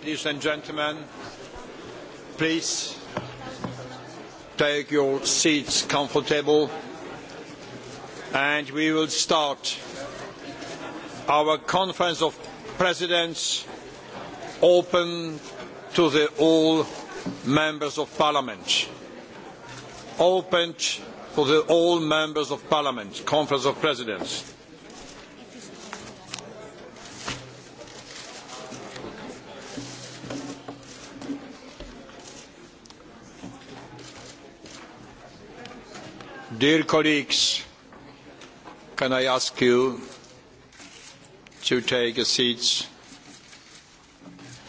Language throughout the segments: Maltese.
ladies and gentlemen, please take your seats comfortable and we will start our conference of presidents open to the all members of parliament. Open to the all members of parliament, conference of presidents. Dear colleagues, can I ask you to take a seat?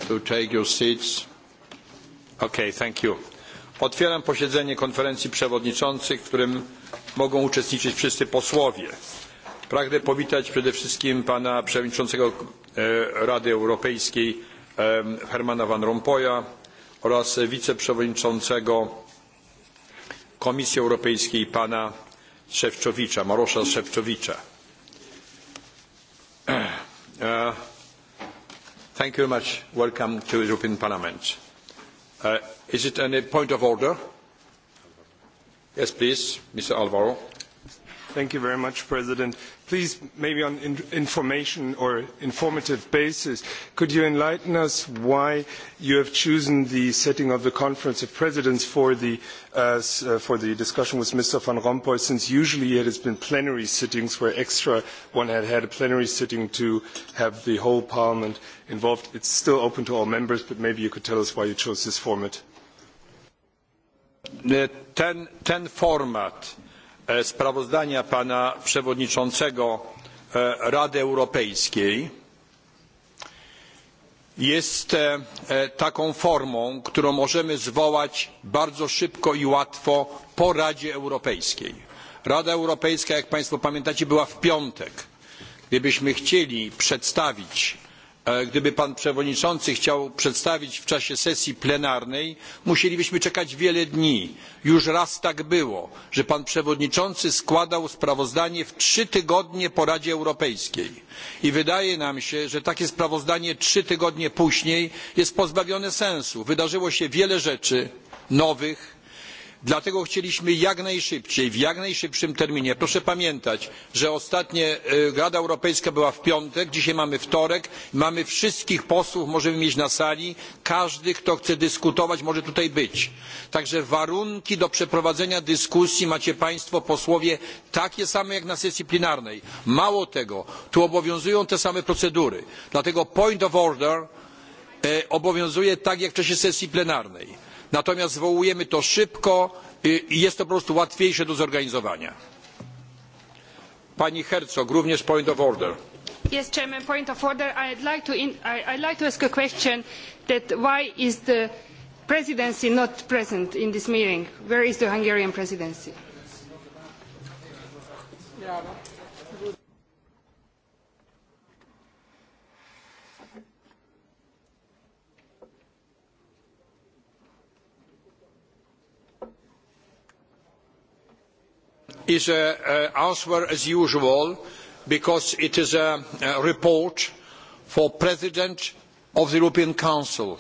To take your seats. Okay, thank you. Otwieram posiedzenie konferencji przewodniczących, w którym mogą uczestniczyć wszyscy posłowie. Pragnę powitać przede wszystkim pana przewodniczącego e, Rady Europejskiej e, Hermana Van Rompuya oraz wiceprzewodniczącego Komisji Europejskiej pana Szewczowicza, Marosza Szewczowicza. Uh, thank you very much. Welcome to the European Parliament. Uh, is it any point of order? Yes, please, Mr. Alvaro. Thank you very much, President. Please, maybe on in information or informative basis, could you enlighten us why you have chosen the setting of the Conference of Presidents for the, uh, uh for the discussion with Mr. Van Rompuy, since usually it has been plenary sittings where extra one had had a plenary sitting to have the whole Parliament involved. It's still open to all members, but maybe you could tell us why you chose this format. Uh, ten, ten format E, sprawozdania pana przewodniczącego e, Rady Europejskiej jest e, taką formą, którą możemy zwołać bardzo szybko i łatwo po Radzie Europejskiej. Rada Europejska, jak Państwo pamiętacie, była w piątek. Gdybyśmy chcieli przedstawić E, gdyby pan przewodniczący chciał przedstawić w czasie sesji plenarnej, musielibyśmy czekać wiele dni. Już raz tak było, że pan przewodniczący składał sprawozdanie w trzy tygodnie po Radzie Europejskiej. I wydaje nam się, że takie sprawozdanie trzy tygodnie później jest pozbawione sensu. Wydarzyło się wiele rzeczy nowych, Dlatego chcieliśmy jak najszybciej, w jak najszybszym terminie. Proszę pamiętać, że ostatnie Rada Europejska była w piątek, dzisiaj mamy wtorek, mamy wszystkich posłów, możemy mieć na sali, każdy, kto chce dyskutować, może tutaj być. Także warunki do przeprowadzenia dyskusji macie Państwo posłowie takie same jak na sesji plenarnej. Mało tego, tu obowiązują te same procedury. Dlatego point of order obowiązuje tak jak w czasie sesji plenarnej Natomiast zwołujemy to szybko i jest to po prostu łatwiejsze do zorganizowania. Pani Herzog, również point of order. Yes, Chairman, point of order. I'd like to, in, I, I'd like to ask a question that why is the presidency not present in this meeting? Where is the Hungarian presidency? Yeah. is an answer as usual because it is a, a report for President of the European Council.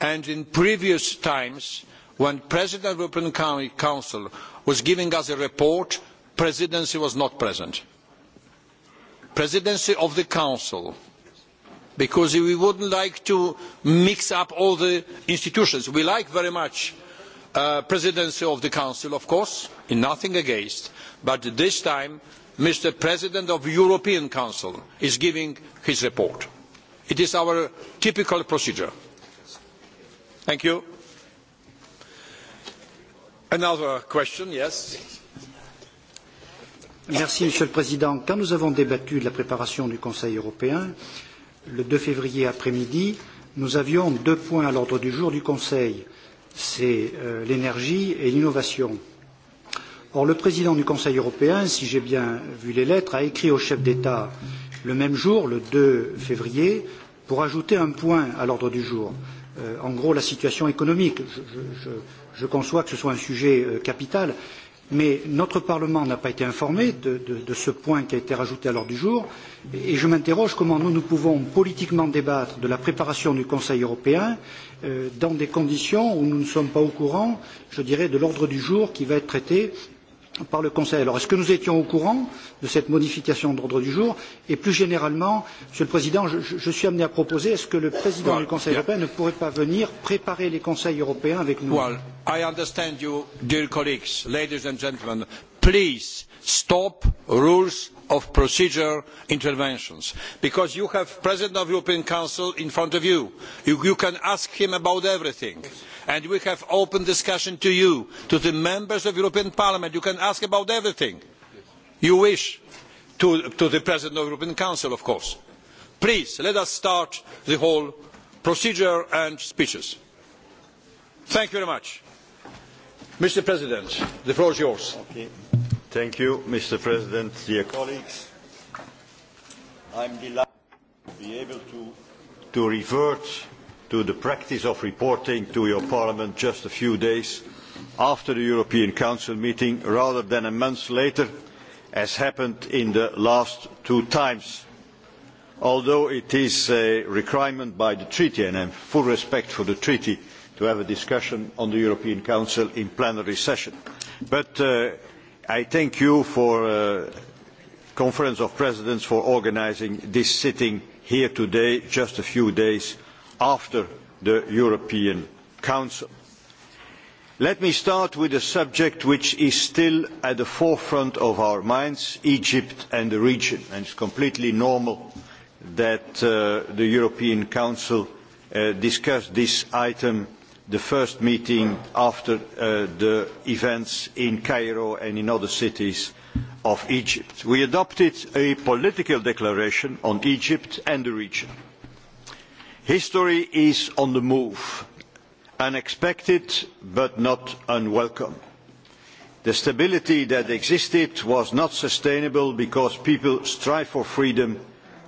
And in previous times, when President of the European Council was giving us a report, presidency was not present. Presidency of the Council, because we wouldn't like to mix up all the institutions. We like very much Uh, presidency of the Council, of course, in nothing against, but this time Mr. President of the European Council is giving his report. It is our typical procedure. Thank you. Another question, yes. Merci, Monsieur le Président. Quand nous avons débattu de la préparation du Conseil européen, le 2 février après-midi, nous avions deux points à l'ordre du jour du Conseil c'est euh, l'énergie et l'innovation. Or, le président du Conseil européen, si j'ai bien vu les lettres, a écrit aux chefs d'État le même jour, le 2 février, pour ajouter un point à l'ordre du jour. Euh, en gros, la situation économique. Je, je, je, je conçois que ce soit un sujet euh, capital, mais notre Parlement n'a pas été informé de, de, de ce point qui a été rajouté à l'ordre du jour, et, et je m'interroge comment nous, nous pouvons politiquement débattre de la préparation du Conseil européen Euh, dans des conditions où nous ne sommes pas au courant, je dirais, de l'ordre du jour qui va être traité par le Conseil. Alors, est-ce que nous étions au courant de cette modification d'ordre du jour Et plus généralement, Monsieur le Président, je, je suis amené à proposer, est-ce que le Président well, du Conseil yeah. européen ne pourrait pas venir préparer les Conseils européens avec nous Well, I understand you, dear colleagues, ladies and gentlemen. Please stop rules of procedure interventions because you have the president of the european council in front of you. you you can ask him about everything and we have open discussion to you to the members of the european parliament you can ask about everything you wish to, to the president of the european council of course please let us start the whole procedure and speeches thank you very much mr president the floor is yours okay. Thank you, Mr. President, dear colleagues. I'm delighted to be able to, to revert to the practice of reporting to your Parliament just a few days after the European Council meeting rather than a month later, as happened in the last two times. Although it is a requirement by the treaty, and I have full respect for the treaty, to have a discussion on the European Council in plenary session. But uh, I thank you for uh, Conference of Presidents for organising this sitting here today, just a few days after the European Council. Let me start with a subject which is still at the forefront of our minds, Egypt and the region. And is completely normal that uh, the European Council uh, discussed this item the first meeting after uh, the events in Cairo and in other cities of Egypt. We adopted a political declaration on Egypt and the region. History is on the move, unexpected but not unwelcome. The stability that existed was not sustainable because people strive for freedom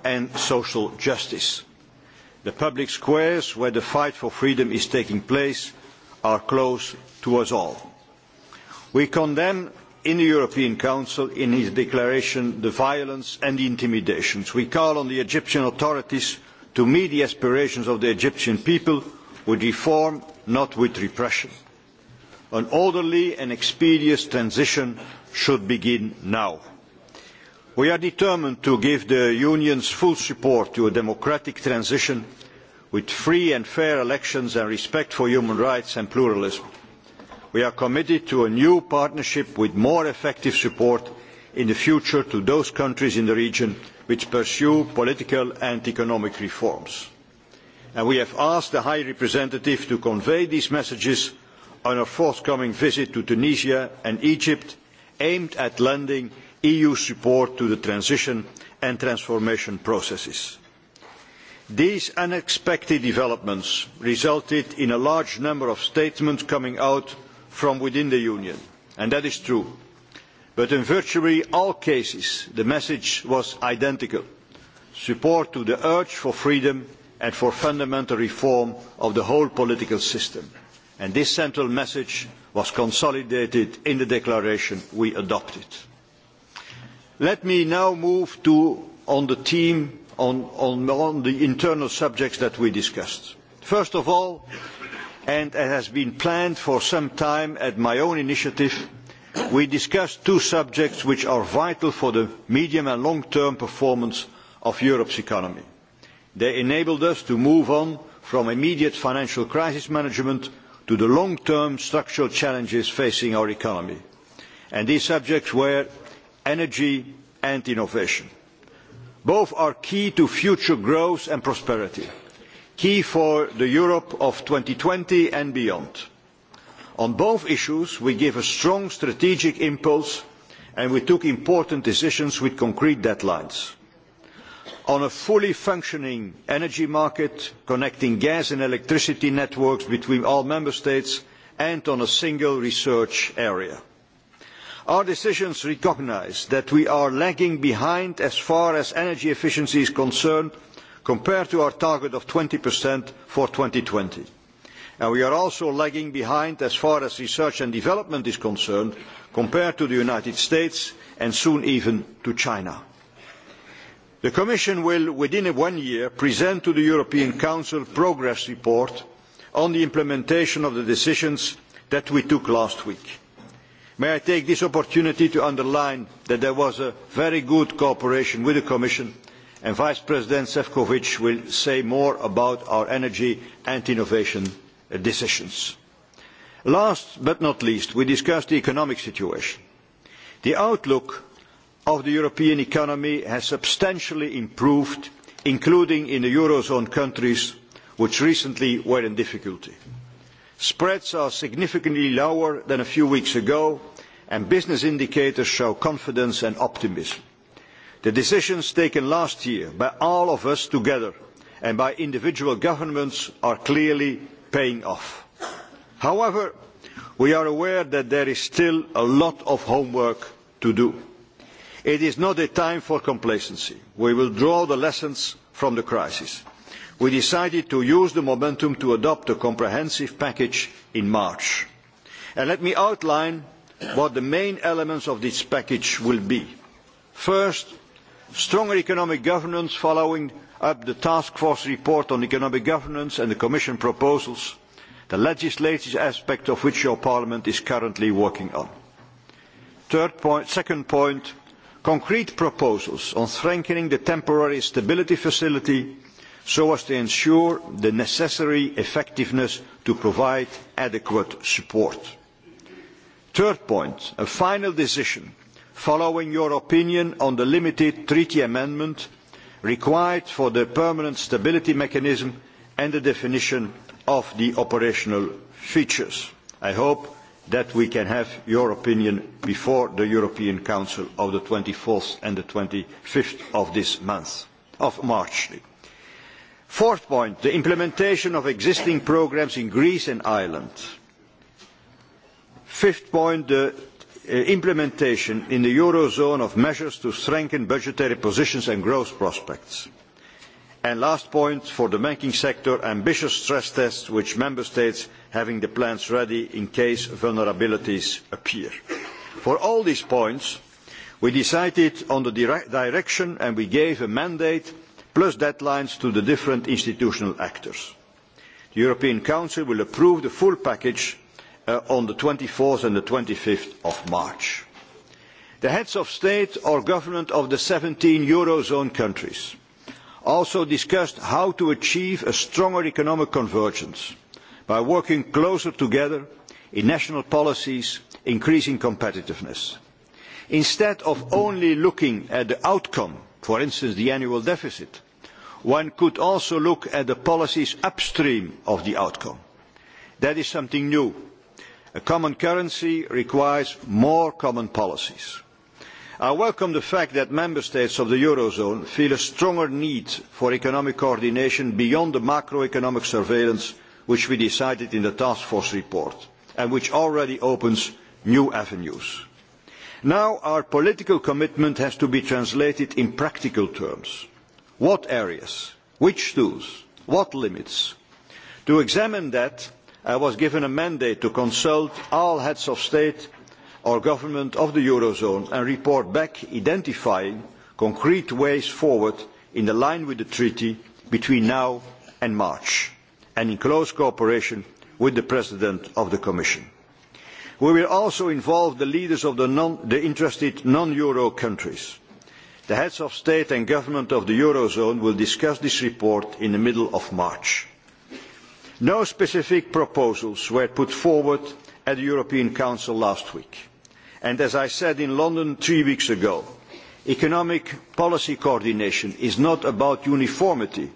and social justice. The public squares where the fight for freedom is taking place are close to us all. We condemn in the European Council in its declaration the violence and the intimidations. We call on the Egyptian authorities to meet the aspirations of the Egyptian people with reform, not with repression. An orderly and expeditious transition should begin now. We are determined to give the Union's full support to a democratic transition with free and fair elections and respect for human rights and pluralism. We are committed to a new partnership with more effective support in the future to those countries in the region which pursue political and economic reforms. And we have asked the High Representative to convey these messages on a forthcoming visit to Tunisia and Egypt aimed at lending EU support to the transition and transformation processes. These unexpected developments resulted in a large number of statements coming out from within the Union, and that is true. But in virtually all cases, the message was identical support to the urge for freedom and for fundamental reform of the whole political system. And this central message was consolidated in the declaration we adopted. Let me now move to on the theme on, on, on the internal subjects that we discussed. First of all, and as has been planned for some time at my own initiative, we discussed two subjects which are vital for the medium and long-term performance of Europe's economy. They enabled us to move on from immediate financial crisis management to the long-term structural challenges facing our economy. And these subjects were energy and innovation. Both are key to future growth and prosperity, key for the Europe of twenty and beyond. On both issues, we gave a strong strategic impulse and we took important decisions with concrete deadlines. On a fully functioning energy market, connecting gas and electricity networks between all member states, and on a single research area. Our decisions recognise that we are lagging behind as far as energy efficiency is concerned compared to our target of 20% for twenty. And we are also lagging behind as far as research and development is concerned compared to the United States and soon even to China. The Commission will, within one year, present to the European Council progress report on the implementation of the decisions that we took last week. May I take this opportunity to underline that there was a very good cooperation with the Commission and Vice President Sefcovic will say more about our energy and innovation decisions. Last but not least, we discussed the economic situation. The outlook of the European economy has substantially improved, including in the Eurozone countries which recently were in difficulty. Spreads are significantly lower than a few weeks ago, and business indicators show confidence and optimism. The decisions taken last year by all of us together and by individual governments are clearly paying off. However, we are aware that there is still a lot of homework to do. It is not a time for complacency. We will draw the lessons from the crisis we decided to use the momentum to adopt a comprehensive package in March. And let me outline what the main elements of this package will be. First, stronger economic governance following up the task force report on economic governance and the commission proposals, the legislative aspect of which your parliament is currently working on. Third point, second point, concrete proposals on strengthening the temporary stability facility so as to ensure the necessary effectiveness to provide adequate support. Third point, a final decision following your opinion on the limited treaty amendment required for the permanent stability mechanism and the definition of the operational features. I hope that we can have your opinion before the European Council of the 24th and the 25th of this month, of March. Fourth point, the implementation of existing programmes in Greece and Ireland. Fifth point, the uh, implementation in the Eurozone of measures to strengthen budgetary positions and growth prospects. And last point, for the banking sector, ambitious stress tests which Member States having the plans ready in case vulnerabilities appear. For all these points, we decided on the dire direction and we gave a mandate plus deadlines to the different institutional actors. The European Council will approve the full package uh, on the 24th and the 25th of March. The heads of state or government of the 17 Eurozone countries also discussed how to achieve a stronger economic convergence by working closer together in national policies increasing competitiveness. Instead of only looking at the outcome, for instance the annual deficit, one could also look at the policies upstream of the outcome. That is something new. A common currency requires more common policies. I welcome the fact that member states of the Eurozone feel a stronger need for economic coordination beyond the macroeconomic surveillance which we decided in the task force report and which already opens new avenues. Now our political commitment has to be translated in practical terms. What areas? Which tools? What limits? To examine that, I was given a mandate to consult all heads of state or government of the Eurozone and report back identifying concrete ways forward in line with the treaty between now and March and in close cooperation with the President of the Commission. We will also involve the leaders of the, non, the interested non-Euro countries The heads of state and government of the Eurozone will discuss this report in the middle of March. No specific proposals were put forward at the European Council last week. And as I said in London three weeks ago, economic policy coordination is not about uniformity.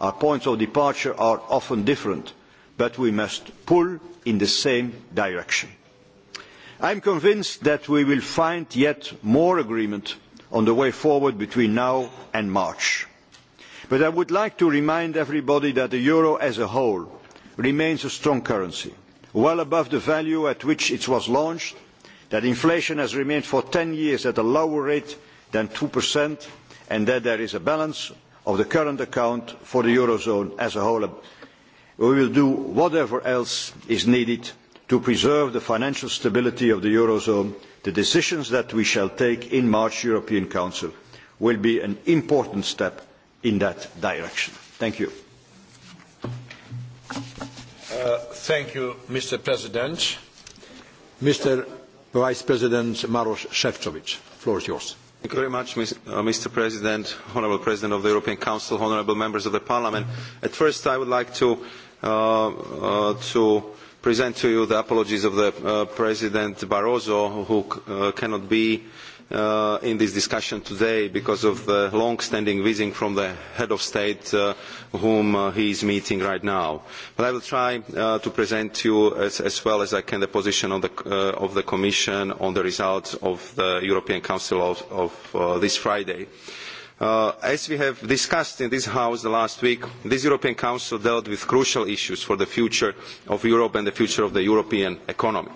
Our points of departure are often different, but we must pull in the same direction. I am convinced that we will find yet more agreement on the way forward between now and March. But I would like to remind everybody that the euro as a whole remains a strong currency, well above the value at which it was launched, that inflation has remained for ten years at a lower rate than 2%, and that there is a balance of the current account for the eurozone as a whole. We will do whatever else is needed to preserve the financial stability of the Eurozone, the decisions that we shall take in March European Council will be an important step in that direction. Thank you. Uh, thank you, Mr. President. Mr. Vice President Maros Shevchovich, the floor is yours. Thank you very much, Mr. Uh, President, Honourable President of the European Council, Honourable Members of the Parliament. At first, I would like to, uh, uh, to present to you the apologies of the uh, President Barroso, who uh, cannot be uh, in this discussion today because of the long-standing visit from the head of state uh, whom uh, he is meeting right now. But I will try uh, to present to you as, as well as I can the position of the, uh, of the Commission on the results of the European Council of, of uh, this Friday. Uh, Uh, as we have discussed in this House last week, this European Council dealt with crucial issues for the future of Europe and the future of the European economy.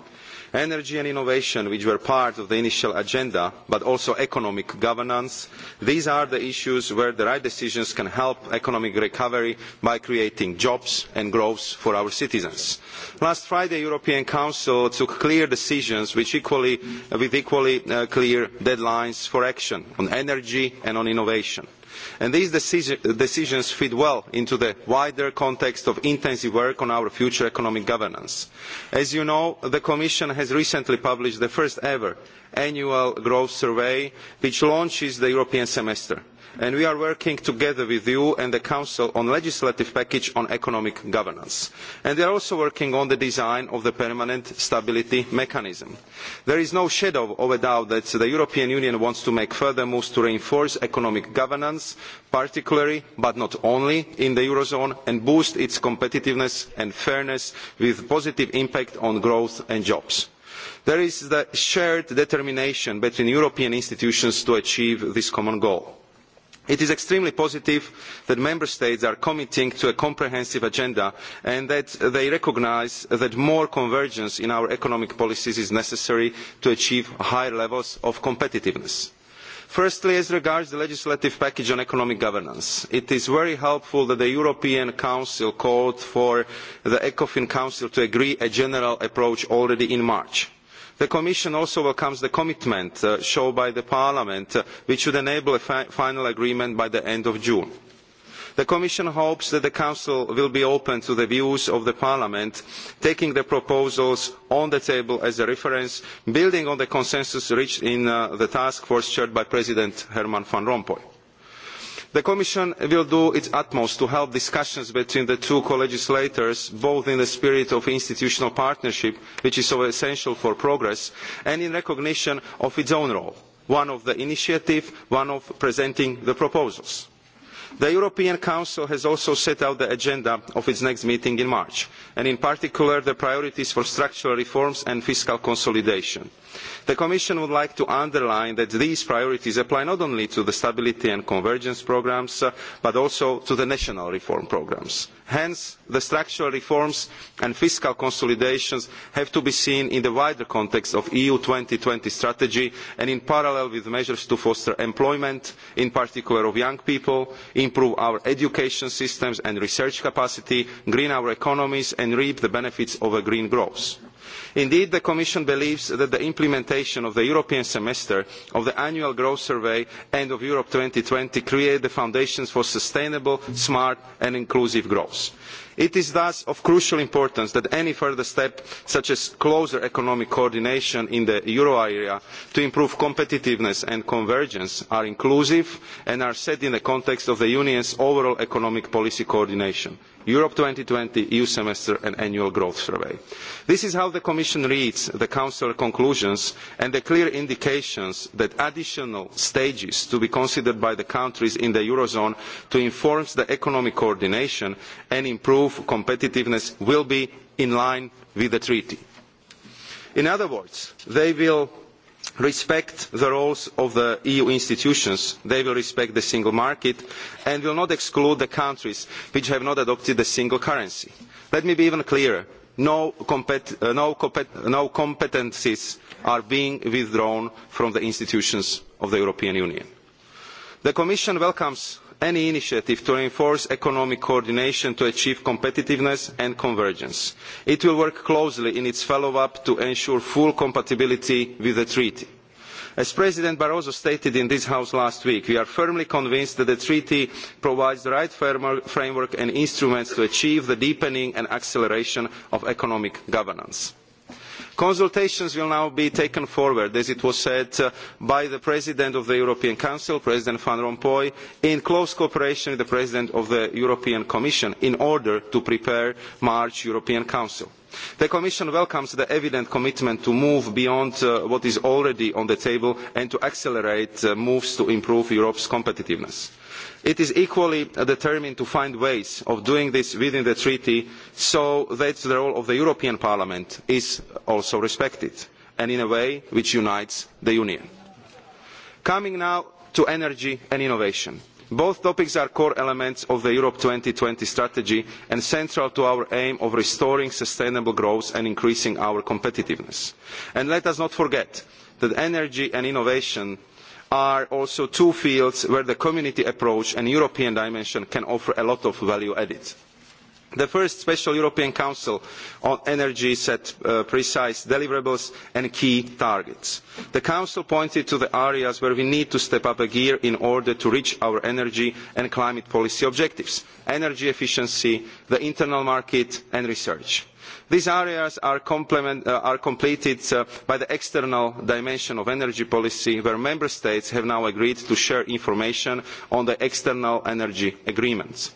Energy and innovation, which were part of the initial agenda, but also economic governance, these are the issues where the right decisions can help economic recovery by creating jobs and growth for our citizens. Last Friday, the European Council took clear decisions which equally, with equally uh, clear deadlines for action on energy and on innovation. And these decisions fit well into the wider context of intensive work on our future economic governance. As you know, the Commission has recently published the first ever annual growth survey, which launches the European semester and we are working together with you and the Council on a legislative package on economic governance. And we are also working on the design of the permanent stability mechanism. There is no shadow of a doubt that the European Union wants to make further moves to reinforce economic governance, particularly, but not only, in the Eurozone and boost its competitiveness and fairness with positive impact on growth and jobs. There is the shared determination between European institutions to achieve this common goal. It is extremely positive that Member States are committing to a comprehensive agenda and that they recognise that more convergence in our economic policies is necessary to achieve higher levels of competitiveness. Firstly, as regards the legislative package on economic governance, it is very helpful that the European Council called for the ECOFIN Council to agree a general approach already in March. The Commission also welcomes the commitment uh, shown by Parliament, uh, which should enable a fi final agreement by the end of June. The Commission hopes that the Council will be open to the views of the Parliament, taking the proposals on the table as a reference, building on the consensus reached in uh, the task force chaired by President Herman Van Rompuy. The Commission will do its utmost to help discussions between the two co-legislators, both in the spirit of institutional partnership, which is so essential for progress, and in recognition of its own role, one of the initiative, one of presenting the proposals. The European Council has also set out the agenda of its next meeting in March, and in particular the priorities for structural reforms and fiscal consolidation. The Commission would like to underline that these priorities apply not only to the stability and convergence programmes, uh, but also to the national reform programmes. Hence, the structural reforms and fiscal consolidations have to be seen in the wider context of EU twenty strategy and in parallel with measures to foster employment, in particular of young people, improve our education systems and research capacity, green our economies and reap the benefits of a green growth. Indeed, the Commission believes that the implementation of the European semester, of the annual growth survey and of Europe twenty create the foundations for sustainable, smart and inclusive growth. It is thus of crucial importance that any further step, such as closer economic coordination in the euro area to improve competitiveness and convergence, are inclusive and are set in the context of the Union's overall economic policy coordination. Europe twenty, EU e semester and annual growth survey. This is how the Commission reads the Council conclusions and the clear indications that additional stages to be considered by the countries in the Eurozone to enforce the economic coordination and improve improve competitiveness will be in line with the treaty. In other words, they will respect the roles of the EU institutions, they will respect the single market and will not exclude the countries which have not adopted the single currency. Let me be even clearer. No, compet uh, no, compet no competencies are being withdrawn from the institutions of the European Union. The Commission welcomes any initiative to reinforce economic coordination to achieve competitiveness and convergence. It will work closely in its follow-up to ensure full compatibility with the treaty. As President Barroso stated in this House last week, we are firmly convinced that the treaty provides the right framework and instruments to achieve the deepening and acceleration of economic governance. Consultations will now be taken forward, as it was said uh, by the President of the European Council, President Van Rompuy, in close cooperation with the President of the European Commission in order to prepare the March European Council. The Commission welcomes the evident commitment to move beyond uh, what is already on the table and to accelerate uh, moves to improve Europe's competitiveness. It is equally determined to find ways of doing this within the treaty so that the role of the European Parliament is also respected and in a way which unites the Union. Coming now to energy and innovation. Both topics are core elements of the Europe twenty strategy and central to our aim of restoring sustainable growth and increasing our competitiveness. And let us not forget that energy and innovation are also two fields where the community approach and European dimension can offer a lot of value added. The first Special European Council on Energy set uh, precise deliverables and key targets. The Council pointed to the areas where we need to step up a gear in order to reach our energy and climate policy objectives, energy efficiency, the internal market and research. These areas are, uh, are completed uh, by the external dimension of energy policy, where Member States have now agreed to share information on the external energy agreements.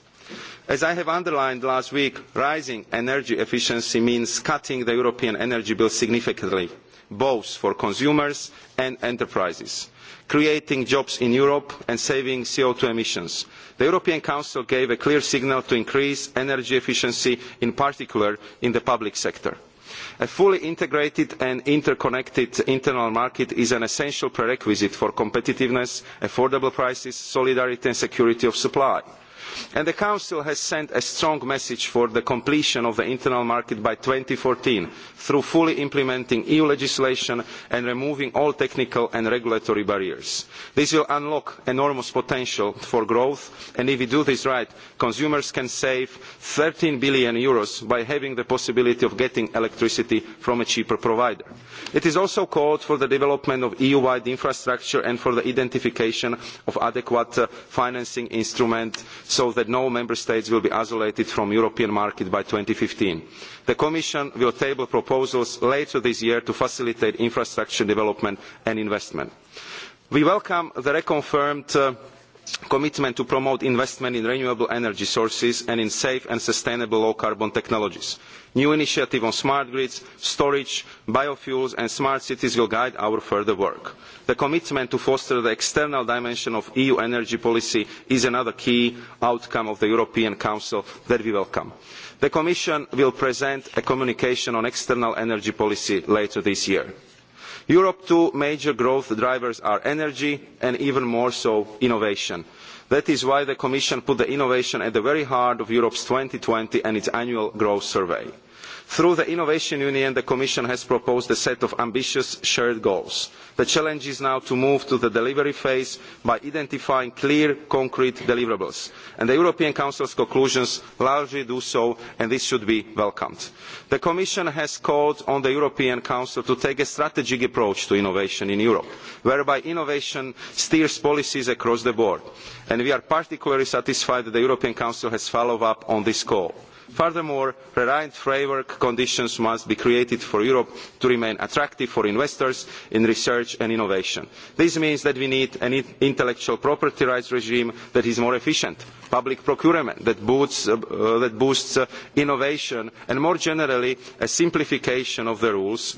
As I have underlined last week, rising energy efficiency means cutting the European energy bill significantly, both for consumers and enterprises creating jobs in Europe and saving co two emissions. The European Council gave a clear signal to increase energy efficiency, in particular in the public sector. A fully integrated and interconnected internal market is an essential prerequisite for competitiveness, affordable prices, solidarity and security of supply. And the Council has sent a strong message for the completion of the internal market by fourteen through fully implementing EU legislation and removing all technical and regulatory barriers. This will unlock enormous potential for growth and if we do this right, consumers can save EUR thirteen billion by having the possibility of getting electricity from a cheaper provider. It is also called for the development of EU-wide infrastructure and for the identification of adequate uh, financing instruments so that no member states will be isolated from the European market by fifteen. The Commission will table proposals later this year to facilitate infrastructure development and investment. We welcome the reconfirmed uh, commitment to promote investment in renewable energy sources and in safe and sustainable low carbon technologies. New initiatives on smart grids, storage, biofuels and smart cities will guide our further work. The commitment to foster the external dimension of EU energy policy is another key outcome of the European Council that we welcome. The Commission will present a communication on external energy policy later this year. Europe's two major growth drivers are energy and even more so innovation. That is why the Commission put the innovation at the very heart of Europe's twenty and its annual growth survey. Through the Innovation Union, the Commission has proposed a set of ambitious shared goals. The challenge is now to move to the delivery phase by identifying clear, concrete deliverables. And the European Council's conclusions largely do so, and this should be welcomed. The Commission has called on the European Council to take a strategic approach to innovation in Europe, whereby innovation steers policies across the board. And we are particularly satisfied that the European Council has followed up on this call. Furthermore, reliant framework conditions must be created for Europe to remain attractive for investors in research and innovation. This means that we need an intellectual property rights regime that is more efficient, public procurement that boosts, uh, uh, that boosts uh, innovation, and more generally, a simplification of the rules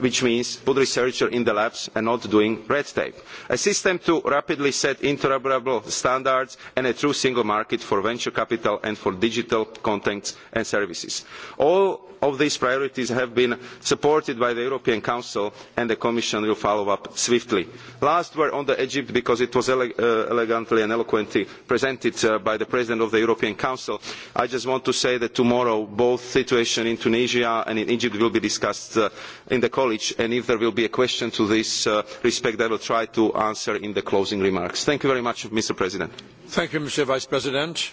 which means put researchers in the labs and not doing red tape. A system to rapidly set interoperable standards and a true single market for venture capital and for digital content and services. All of these priorities have been supported by the European Council and the Commission will follow up swiftly. Last word on Egypt because it was ele uh, elegantly and eloquently presented uh, by the President of the European Council. I just want to say that tomorrow both the situation in Tunisia and in Egypt will be discussed uh, in the college and if there will be a question to this uh, respect I will try to answer in the closing remarks. Thank you very much Mr. President. Thank you Mr. Vice President.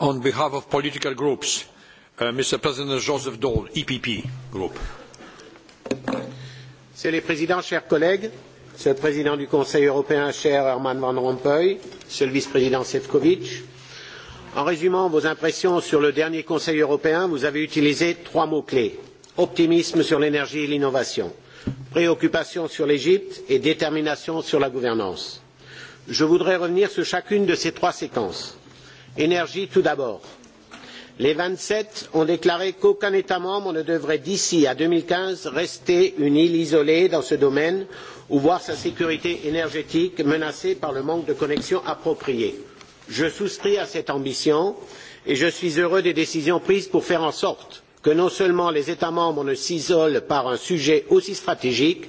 On behalf of political groups, uh, Mr. President Joseph Daul, EPP Group. Monsieur le Président, chers collègues, Monsieur le Président du Conseil européen, cher Herman Van Rompuy, Monsieur le Vice-président Sefcovic, en résumant vos impressions sur le dernier Conseil européen, vous avez utilisé trois mots-clés optimisme sur l'énergie et l'innovation, préoccupation sur l'Égypte et détermination sur la gouvernance. Je voudrais revenir sur chacune de ces trois séquences. Énergie tout d'abord. Les vingt sept ont déclaré qu'aucun État membre ne devrait d'ici à deux mille quinze rester une île isolée dans ce domaine ou voir sa sécurité énergétique menacée par le manque de connexions appropriées. Je souscris à cette ambition et je suis heureux des décisions prises pour faire en sorte que non seulement les États membres ne s'isolent par un sujet aussi stratégique,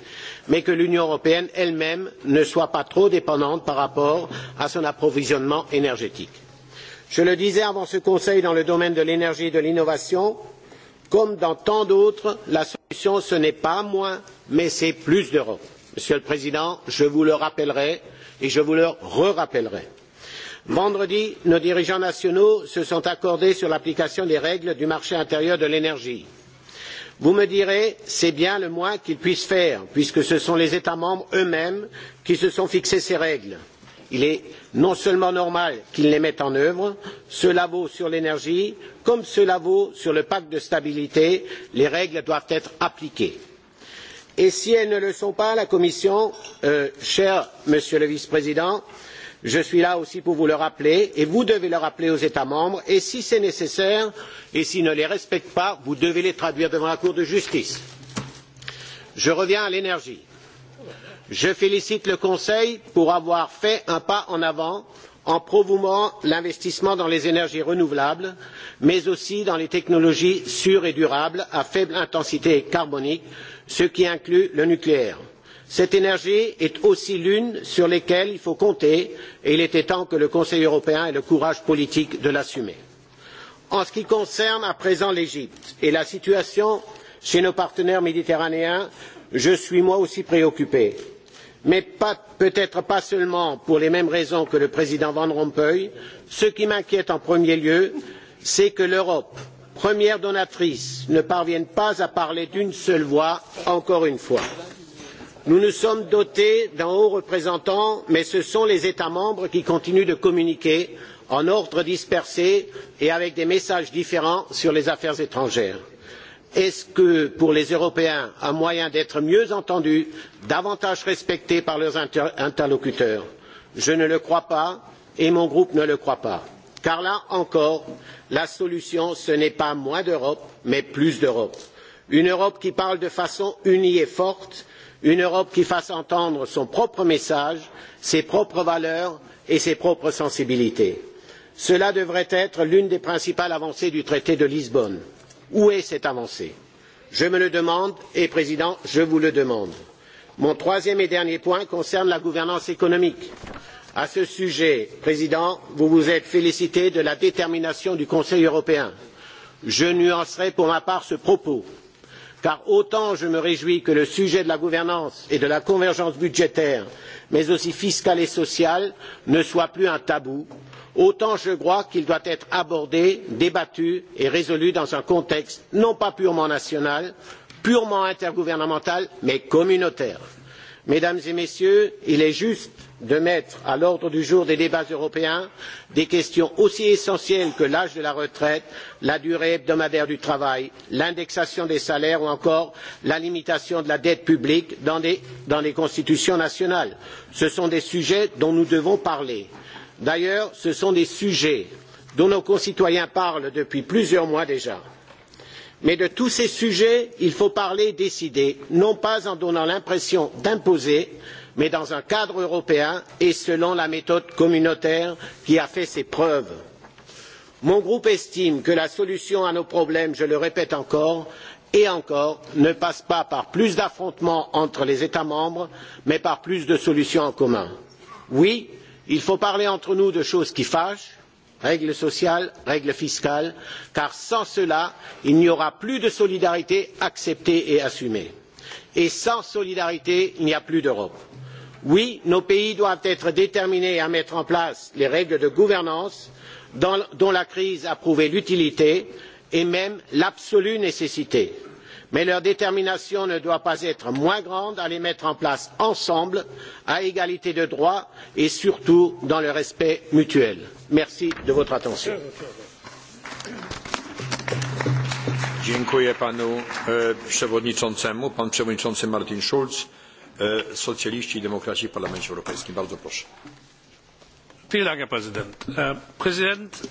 mais que l'Union européenne elle-même ne soit pas trop dépendante par rapport à son approvisionnement énergétique. Je le disais avant ce Conseil dans le domaine de l'énergie et de l'innovation, comme dans tant d'autres, la solution ce n'est pas moins, mais c'est plus d'Europe. Monsieur le Président, je vous le rappellerai et je vous le re-rappellerai. Vendredi, nos dirigeants nationaux se sont accordés sur l'application des règles du marché intérieur de l'énergie. Vous me direz, c'est bien le moins qu'ils puissent faire, puisque ce sont les États membres eux-mêmes qui se sont fixés ces règles. Il est non seulement normal qu'ils les mettent en œuvre, cela vaut sur l'énergie, comme cela vaut sur le pacte de stabilité, les règles doivent être appliquées. Et si elles ne le sont pas, la Commission, euh, cher Monsieur le Vice-président, Je suis là aussi pour vous le rappeler et vous devez le rappeler aux États membres et si c'est nécessaire et s'ils ne les respectent pas, vous devez les traduire devant la Cour de justice. Je reviens à l'énergie. Je félicite le Conseil pour avoir fait un pas en avant en promouvant l'investissement dans les énergies renouvelables, mais aussi dans les technologies sûres et durables à faible intensité carbonique, ce qui inclut le nucléaire. Cette énergie est aussi l'une sur laquelle il faut compter et il était temps que le Conseil européen ait le courage politique de l'assumer. En ce qui concerne à présent l'Égypte et la situation chez nos partenaires méditerranéens, je suis moi aussi préoccupé, mais peut-être pas seulement pour les mêmes raisons que le président Van Rompuy. Ce qui m'inquiète en premier lieu, c'est que l'Europe, première donatrice, ne parvienne pas à parler d'une seule voix, encore une fois. Nous nous sommes dotés d'un haut représentant, mais ce sont les États membres qui continuent de communiquer en ordre dispersé et avec des messages différents sur les affaires étrangères. Est-ce que pour les Européens, un moyen d'être mieux entendus, davantage respectés par leurs interlocuteurs Je ne le crois pas et mon groupe ne le croit pas. Car là encore, la solution, ce n'est pas moins d'Europe, mais plus d'Europe. Une Europe qui parle de façon unie et forte, une Europe qui fasse entendre son propre message, ses propres valeurs et ses propres sensibilités. Cela devrait être l'une des principales avancées du traité de Lisbonne. Où est cette avancée Je me le demande et, Président, je vous le demande. Mon troisième et dernier point concerne la gouvernance économique. À ce sujet, Président, vous vous êtes félicité de la détermination du Conseil européen. Je nuancerai pour ma part ce propos car autant je me réjouis que le sujet de la gouvernance et de la convergence budgétaire, mais aussi fiscale et sociale, ne soit plus un tabou, autant je crois qu'il doit être abordé, débattu et résolu dans un contexte non pas purement national, purement intergouvernemental, mais communautaire. Mesdames et Messieurs, il est juste de mettre à l'ordre du jour des débats européens des questions aussi essentielles que l'âge de la retraite, la durée hebdomadaire du travail, l'indexation des salaires ou encore la limitation de la dette publique dans les, dans les constitutions nationales. Ce sont des sujets dont nous devons parler. D'ailleurs, ce sont des sujets dont nos concitoyens parlent depuis plusieurs mois déjà. Mais de tous ces sujets, il faut parler et décider, non pas en donnant l'impression d'imposer, mais dans un cadre européen et selon la méthode communautaire qui a fait ses preuves. Mon groupe estime que la solution à nos problèmes, je le répète encore et encore, ne passe pas par plus d'affrontements entre les États membres, mais par plus de solutions en commun. Oui, il faut parler entre nous de choses qui fâchent, règles sociales, règles fiscales, car sans cela, il n'y aura plus de solidarité acceptée et assumée. Et sans solidarité, il n'y a plus d'Europe. Oui, nos pays doivent être déterminés à mettre en place les règles de gouvernance dont la crise a prouvé l'utilité et même l'absolue nécessité mais leur détermination ne doit pas être moins grande à les mettre en place ensemble à égalité de droits et surtout dans le respect mutuel. merci de votre attention. Dziękuję panu e, przewodniczącemu. Pan przewodniczący Martin Schulz, e, socjaliści i demokraci w Parlamencie Europejskim. Bardzo proszę. Vielen Dank, Herr Präsident. Herr Präsident,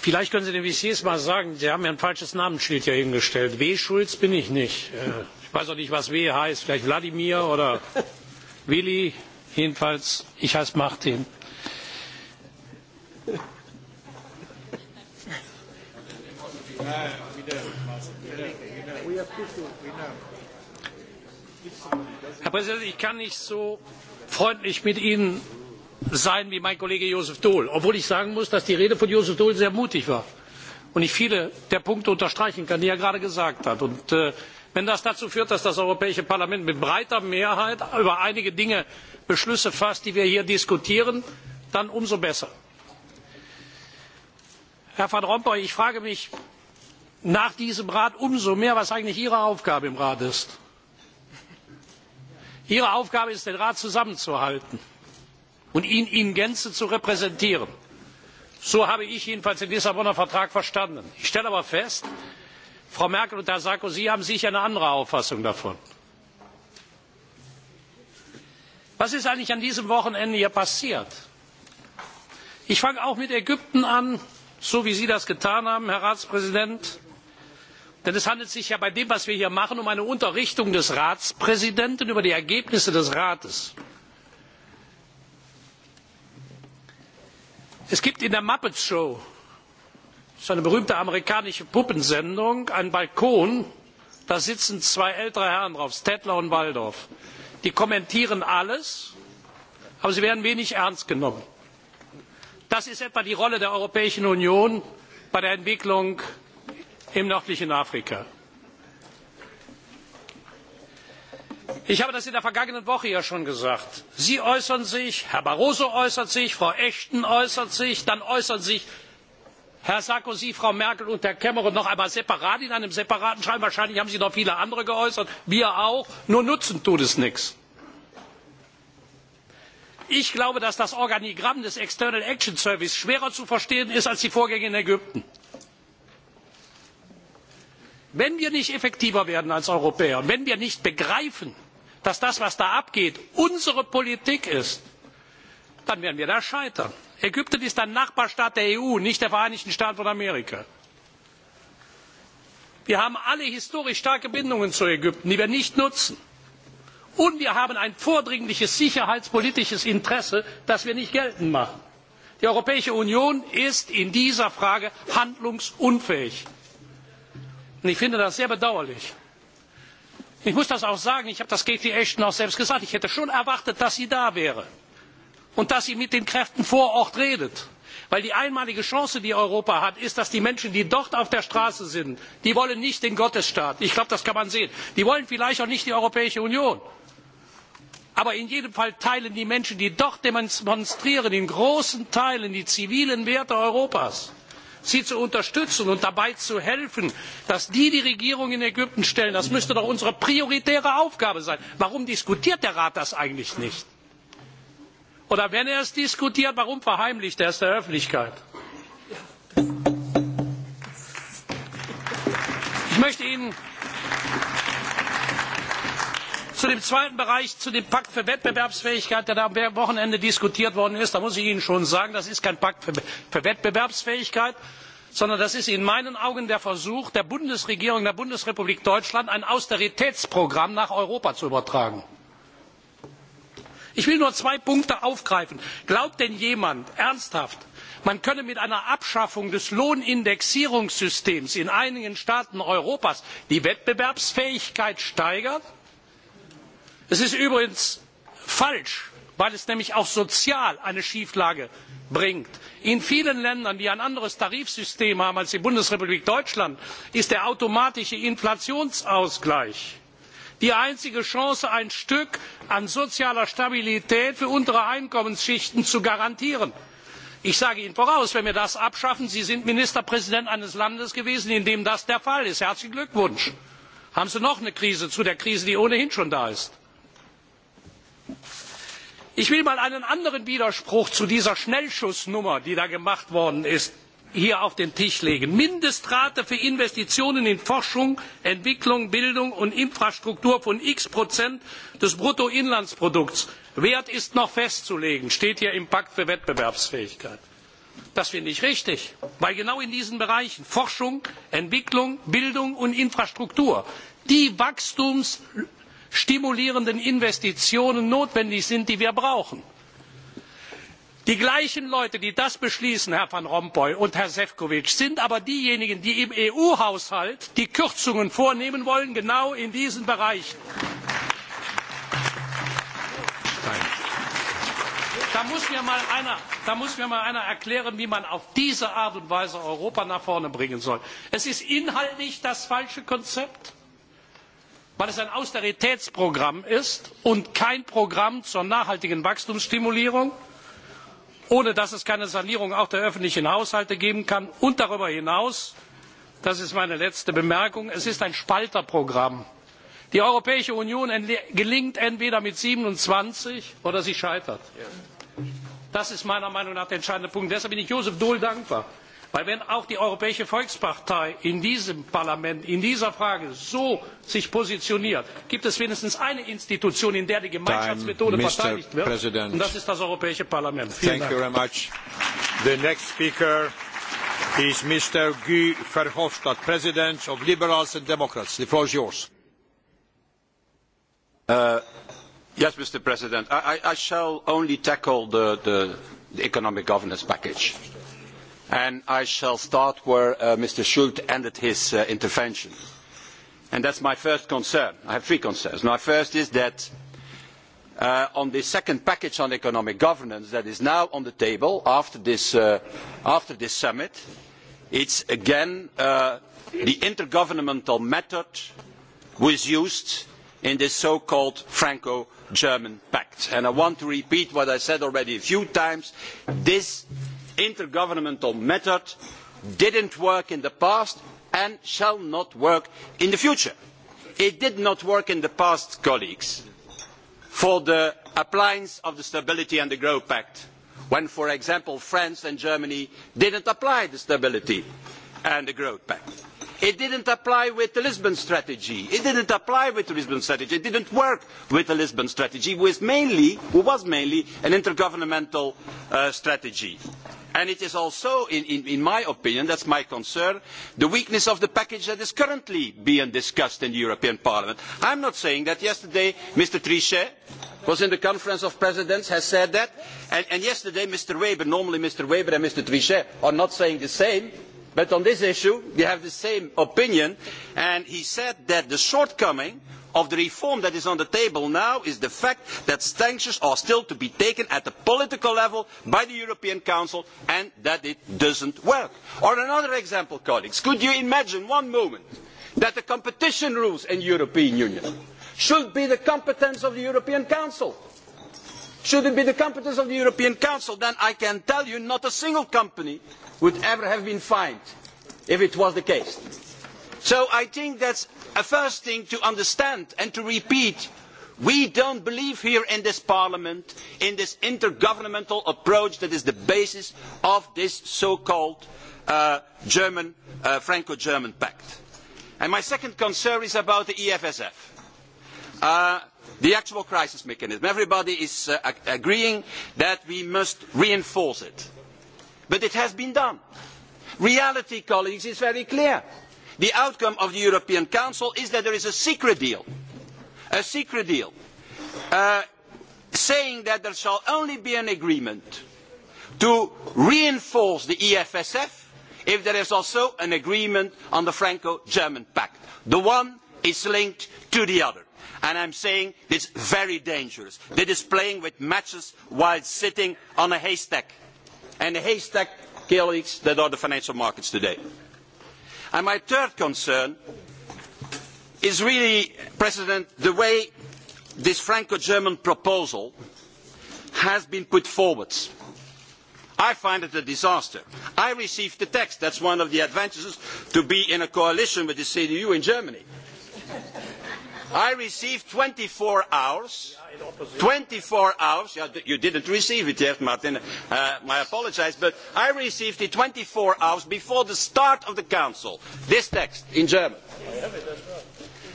Vielleicht können Sie den VCs mal sagen, Sie haben mir ein falsches Namensschild hier hingestellt. W. Schulz bin ich nicht. Äh, ich weiß auch nicht, was W heißt. Vielleicht Wladimir oder Willi. Jedenfalls, ich heiße Martin. Herr Präsident, ich kann nicht so freundlich mit Ihnen sein wie mein Kollege Josef Daul, obwohl ich sagen muss, dass die Rede von Josef Daul sehr mutig war und ich viele der Punkte unterstreichen kann, die er gerade gesagt hat. Und äh, wenn das dazu führt, dass das Europäische Parlament mit breiter Mehrheit über einige Dinge Beschlüsse fasst, die wir hier diskutieren, dann umso besser. Herr Van Rompuy, ich frage mich nach diesem Rat umso mehr, was eigentlich Ihre Aufgabe im Rat ist. Ihre Aufgabe ist, den Rat zusammenzuhalten und ihn in Gänze zu repräsentieren. So habe ich jedenfalls den Lissabonner Vertrag verstanden. Ich stelle aber fest, Frau Merkel und Herr Sarkozy haben sicher eine andere Auffassung davon. Was ist eigentlich an diesem Wochenende hier passiert? Ich fange auch mit Ägypten an, so wie Sie das getan haben, Herr Ratspräsident. Denn es handelt sich ja bei dem, was wir hier machen, um eine Unterrichtung des Ratspräsidenten über die Ergebnisse des Rates. Es gibt in der Muppet Show, das ist eine berühmte amerikanische Puppensendung, einen Balkon, da sitzen zwei ältere Herren drauf, Stettler und Waldorf. Die kommentieren alles, aber sie werden wenig ernst genommen. Das ist etwa die Rolle der Europäischen Union bei der Entwicklung im nördlichen Afrika. Ich habe das in der vergangenen Woche ja schon gesagt. Sie äußern sich, Herr Barroso äußert sich, Frau Ashton äußert sich, dann äußern sich Herr Sarkozy, Frau Merkel und Herr Cameron noch einmal separat in einem separaten Schreiben. Wahrscheinlich haben sich noch viele andere geäußert, wir auch. Nur nutzen tut es nichts. Ich glaube, dass das Organigramm des External Action Service schwerer zu verstehen ist als die Vorgänge in Ägypten. Wenn wir nicht effektiver werden als Europäer, wenn wir nicht begreifen, dass das, was da abgeht, unsere Politik ist, dann werden wir da scheitern. Ägypten ist ein Nachbarstaat der EU, nicht der Vereinigten Staaten von Amerika. Wir haben alle historisch starke Bindungen zu Ägypten, die wir nicht nutzen. Und wir haben ein vordringliches sicherheitspolitisches Interesse, das wir nicht geltend machen. Die Europäische Union ist in dieser Frage handlungsunfähig. Und ich finde das sehr bedauerlich. Ich muss das auch sagen, ich habe das Katie Ashton auch selbst gesagt, ich hätte schon erwartet, dass sie da wäre und dass sie mit den Kräften vor Ort redet. Weil die einmalige Chance, die Europa hat, ist, dass die Menschen, die dort auf der Straße sind, die wollen nicht den Gottesstaat. Ich glaube, das kann man sehen. Die wollen vielleicht auch nicht die Europäische Union. Aber in jedem Fall teilen die Menschen, die dort demonstrieren, in großen Teilen die zivilen Werte Europas sie zu unterstützen und dabei zu helfen, dass die die Regierung in Ägypten stellen, das müsste doch unsere prioritäre Aufgabe sein. Warum diskutiert der Rat das eigentlich nicht? Oder wenn er es diskutiert, warum verheimlicht er es der Öffentlichkeit? Ich möchte Zu dem zweiten Bereich, zu dem Pakt für Wettbewerbsfähigkeit, der da am Wochenende diskutiert worden ist, da muss ich Ihnen schon sagen, das ist kein Pakt für, für Wettbewerbsfähigkeit, sondern das ist in meinen Augen der Versuch der Bundesregierung der Bundesrepublik Deutschland, ein Austeritätsprogramm nach Europa zu übertragen. Ich will nur zwei Punkte aufgreifen. Glaubt denn jemand ernsthaft, man könne mit einer Abschaffung des Lohnindexierungssystems in einigen Staaten Europas die Wettbewerbsfähigkeit steigern? Es ist übrigens falsch, weil es nämlich auch sozial eine Schieflage bringt. In vielen Ländern, die ein anderes Tarifsystem haben als die Bundesrepublik Deutschland, ist der automatische Inflationsausgleich die einzige Chance, ein Stück an sozialer Stabilität für untere Einkommensschichten zu garantieren. Ich sage Ihnen voraus, wenn wir das abschaffen, Sie sind Ministerpräsident eines Landes gewesen, in dem das der Fall ist. Herzlichen Glückwunsch. Haben Sie noch eine Krise zu der Krise, die ohnehin schon da ist? Ich will mal einen anderen Widerspruch zu dieser Schnellschussnummer, die da gemacht worden ist, hier auf den Tisch legen. Mindestrate für Investitionen in Forschung, Entwicklung, Bildung und Infrastruktur von x Prozent des Bruttoinlandsprodukts. Wert ist noch festzulegen, steht hier im Pakt für Wettbewerbsfähigkeit. Das finde ich richtig, weil genau in diesen Bereichen Forschung, Entwicklung, Bildung und Infrastruktur die Wachstums stimulierenden Investitionen notwendig sind, die wir brauchen. Die gleichen Leute, die das beschließen, Herr Van Rompuy und Herr efovi sind aber diejenigen, die im EU-Haushalt die Kürzungen vornehmen wollen, genau in diesen Bereichen. Da muss, mir mal einer, da muss mir mal einer erklären, wie man auf diese Art und Weise Europa nach vorne bringen soll. Es ist inhaltlich das falsche Konzept weil es ein austeritätsprogramm ist und kein programm zur nachhaltigen wachstumsstimulierung ohne dass es keine sanierung auch der öffentlichen haushalte geben kann und darüber hinaus das ist meine letzte bemerkung es ist ein spalterprogramm. die europäische union gelingt entweder mit siebenundzwanzig oder sie scheitert. das ist meiner meinung nach der entscheidende punkt. deshalb bin ich joseph daul dankbar Weil, wenn auch die Europäische Volkspartei in diesem Parlament in dieser Frage so positioniert, gibt es wenigstens eine Institution, in der die Gemeinschaftsmethode verteidigt wird, und das ist das Europäische Parlament. Vielen Dank. Verhofstadt, President of Liberals and Democrats. Uh, yes, Mr. President, I, I, I shall only tackle the, the, the economic governance package and I shall start where uh, Mr. Schulz ended his uh, intervention. And that's my first concern. I have three concerns. My first is that uh, on the second package on economic governance that is now on the table after this, uh, after this summit, it's again uh, the intergovernmental method was used in this so-called Franco-German pact. And I want to repeat what I said already a few times. This intergovernmental method did not work in the past and shall not work in the future. It did not work in the past, colleagues, for the appliance of the Stability and the Growth Pact, when, for example, France and Germany did not apply the Stability and the Growth Pact. It did not apply with the Lisbon strategy. It did not apply with the Lisbon strategy. It did not work with the Lisbon strategy, which was mainly, was mainly an intergovernmental uh, strategy. And it is also, in, in, in my opinion, that is my concern, the weakness of the package that is currently being discussed in the European Parliament. I am not saying that yesterday Mr. Trichet was in the Conference of Presidents, has said that, and, and yesterday Mr. Weber, normally Mr. Weber and Mr. Trichet are not saying the same, But on this issue, we have the same opinion, and he said that the shortcoming of the reform that is on the table now is the fact that sanctions are still to be taken at the political level by the European Council and that it does not work. Or another example, colleagues, could you imagine one moment that the competition rules in the European Union should be the competence of the European Council? Should it be the competence of the European Council, then I can tell you not a single company would ever have been fined if it was the case. So I think that is a first thing to understand and to repeat. We do not believe here in this parliament in this intergovernmental approach that is the basis of this so-called uh, uh, Franco-German pact. And my second concern is about the EFSF. Uh, the actual crisis mechanism. Everybody is uh, agreeing that we must reinforce it. But it has been done. Reality, colleagues, is very clear. The outcome of the European Council is that there is a secret deal. A secret deal. Uh, saying that there shall only be an agreement to reinforce the EFSF if there is also an agreement on the Franco-German pact. The one is linked to the other. And I am saying this is very dangerous. This is playing with matches while sitting on a haystack. And the haystack, colleagues, that are the financial markets today. And my third concern is really, President, the way this Franco-German proposal has been put forward. I find it a disaster. I received the text. That is one of the advantages to be in a coalition with the CDU in Germany. I received 24 hours. 24 hours. Yeah, you didn't receive it yet, Martin. Uh, I apologize, but I received it 24 hours before the start of the council. This text in German.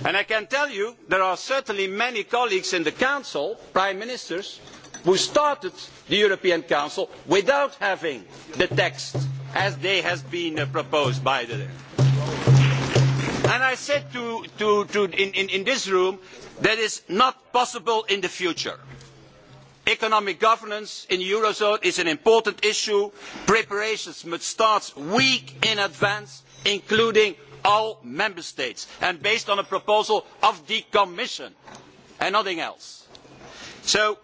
And I can tell you, there are certainly many colleagues in the council, prime ministers, who started the European Council without having the text as they has been uh, proposed by the And I said to, to, to in, in, in this room that is not possible in the future. Economic governance in the Eurozone is an important issue. Preparations must start week in advance, including all member states, and based on a proposal of the Commission and nothing else. So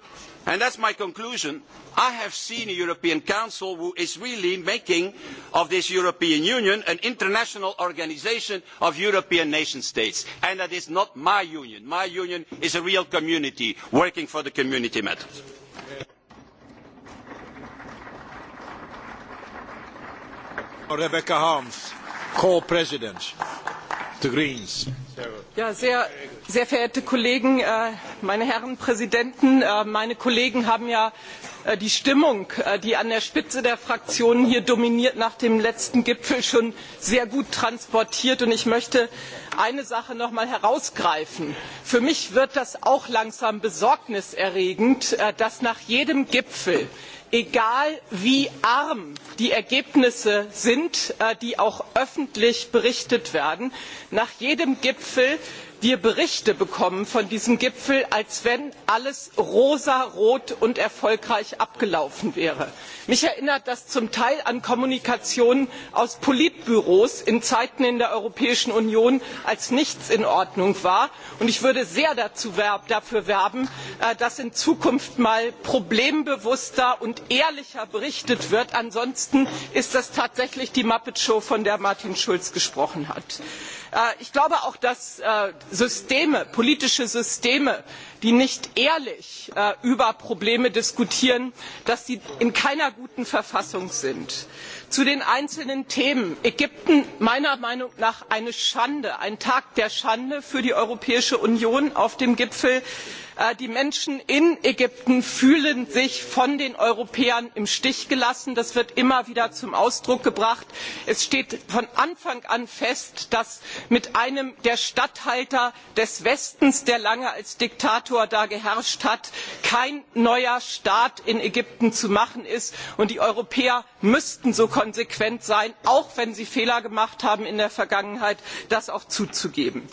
And is my conclusion. I have seen a European Council which is really making of this European Union an international organisation of European nation states. And that is not my union. My union is a real community working for the community method. Oh, Rebecca Co-President. The Greens. Ja, sehr, sehr verehrte Kollegen, äh, meine Herren Präsidenten, äh, meine Kollegen haben ja äh, die Stimmung, die an der Spitze der Fraktionen hier dominiert, nach dem letzten Gipfel schon sehr gut transportiert. Und ich möchte eine Sache noch einmal herausgreifen. Für mich wird das auch langsam besorgniserregend, dass nach jedem Gipfel egal wie arm die Ergebnisse sind, äh, die auch öffentlich berichtet werden, nach jedem Gipfel wir berichte bekommen von diesem gipfel als wenn alles rosarot und erfolgreich abgelaufen wäre. mich erinnert das zum teil an kommunikation aus politbüros in zeiten in der europäischen union als nichts in ordnung war und ich würde sehr dafür werben äh, dass in zukunft einmal problembewusster und ehrlicher berichtet wird ansonsten ist das tatsächlich die muppet show von der martin schulz gesprochen hat. Äh, ich glaube auch, dass äh, Systeme, politische Systeme, die nicht ehrlich äh, über Probleme diskutieren, in keiner guten Verfassung sind. Zu den einzelnen Themen. Ägypten meiner Meinung nach eine Schande, ein Tag der Schande für die Europäische Union auf dem Gipfel Äh, die menschen in ägypten fühlen sich von den europäern im stich gelassen das wird immer wieder zum ausdruck gebracht. es steht von anfang an fest dass mit einem der statthalter des westens der lange als diktator da geherrscht hat kein neuer staat in ägypten zu machen ist und die europäer müssten so konsequent sein auch wenn sie fehler gemacht haben in der vergangenheit das auch zuzugeben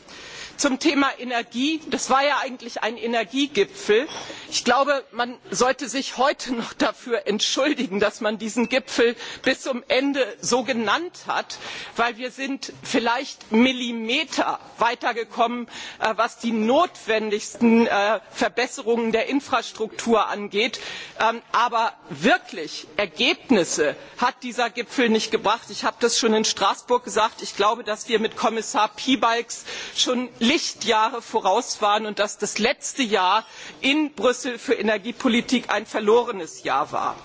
zum thema energie das war ja eigentlich ein energiegipfel ich glaube man sollte sich heute noch dafür entschuldigen dass man diesen gipfel bis zum ende so genannt hat denn wir sind vielleicht millimeter weitergekommen äh, was die notwendigsten äh, verbesserungen der infrastruktur angeht ähm, aber wirklich ergebnisse hat dieser gipfel nicht gebracht. ich habe das schon in straßburg gesagt ich glaube dass wir mit kommissar piebalgs schon Lichtjahre voraus waren und dass das letzte Jahr in Brüssel für Energiepolitik ein verlorenes Jahr war.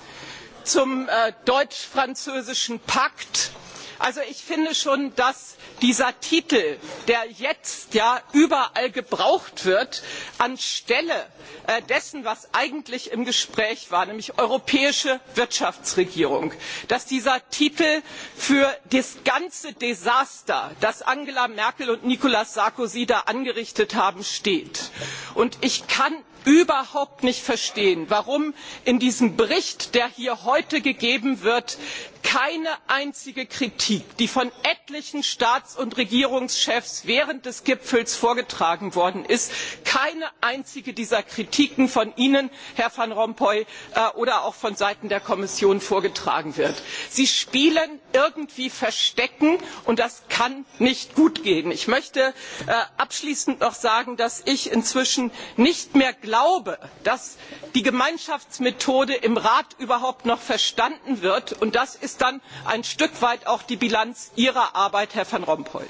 Zum äh, deutsch-französischen Pakt Also ich finde schon, dass dieser Titel, der jetzt ja überall gebraucht wird, anstelle äh, dessen, was eigentlich im Gespräch war, nämlich europäische Wirtschaftsregierung, dass dieser Titel für das ganze Desaster, das Angela Merkel und Nicolas Sarkozy da angerichtet haben, steht. Und ich kann überhaupt nicht verstehen warum in diesem bericht der hier heute gegeben wird keine einzige kritik die von etlichen staats und regierungschefs während des gipfels vorgetragen worden ist keine einzige dieser kritiken von ihnen herr van rompuy äh, oder auch von seiten der kommission vorgetragen wird. sie spielen irgendwie verstecken und das kann nicht gut gehen. ich möchte äh, abschließend noch sagen dass ich inzwischen nicht mehr glaube dass die gemeinschaftsmethode im rat überhaupt noch verstanden wird und das ist dann ein stück weit auch die bilanz ihrer arbeit herr van rompuy.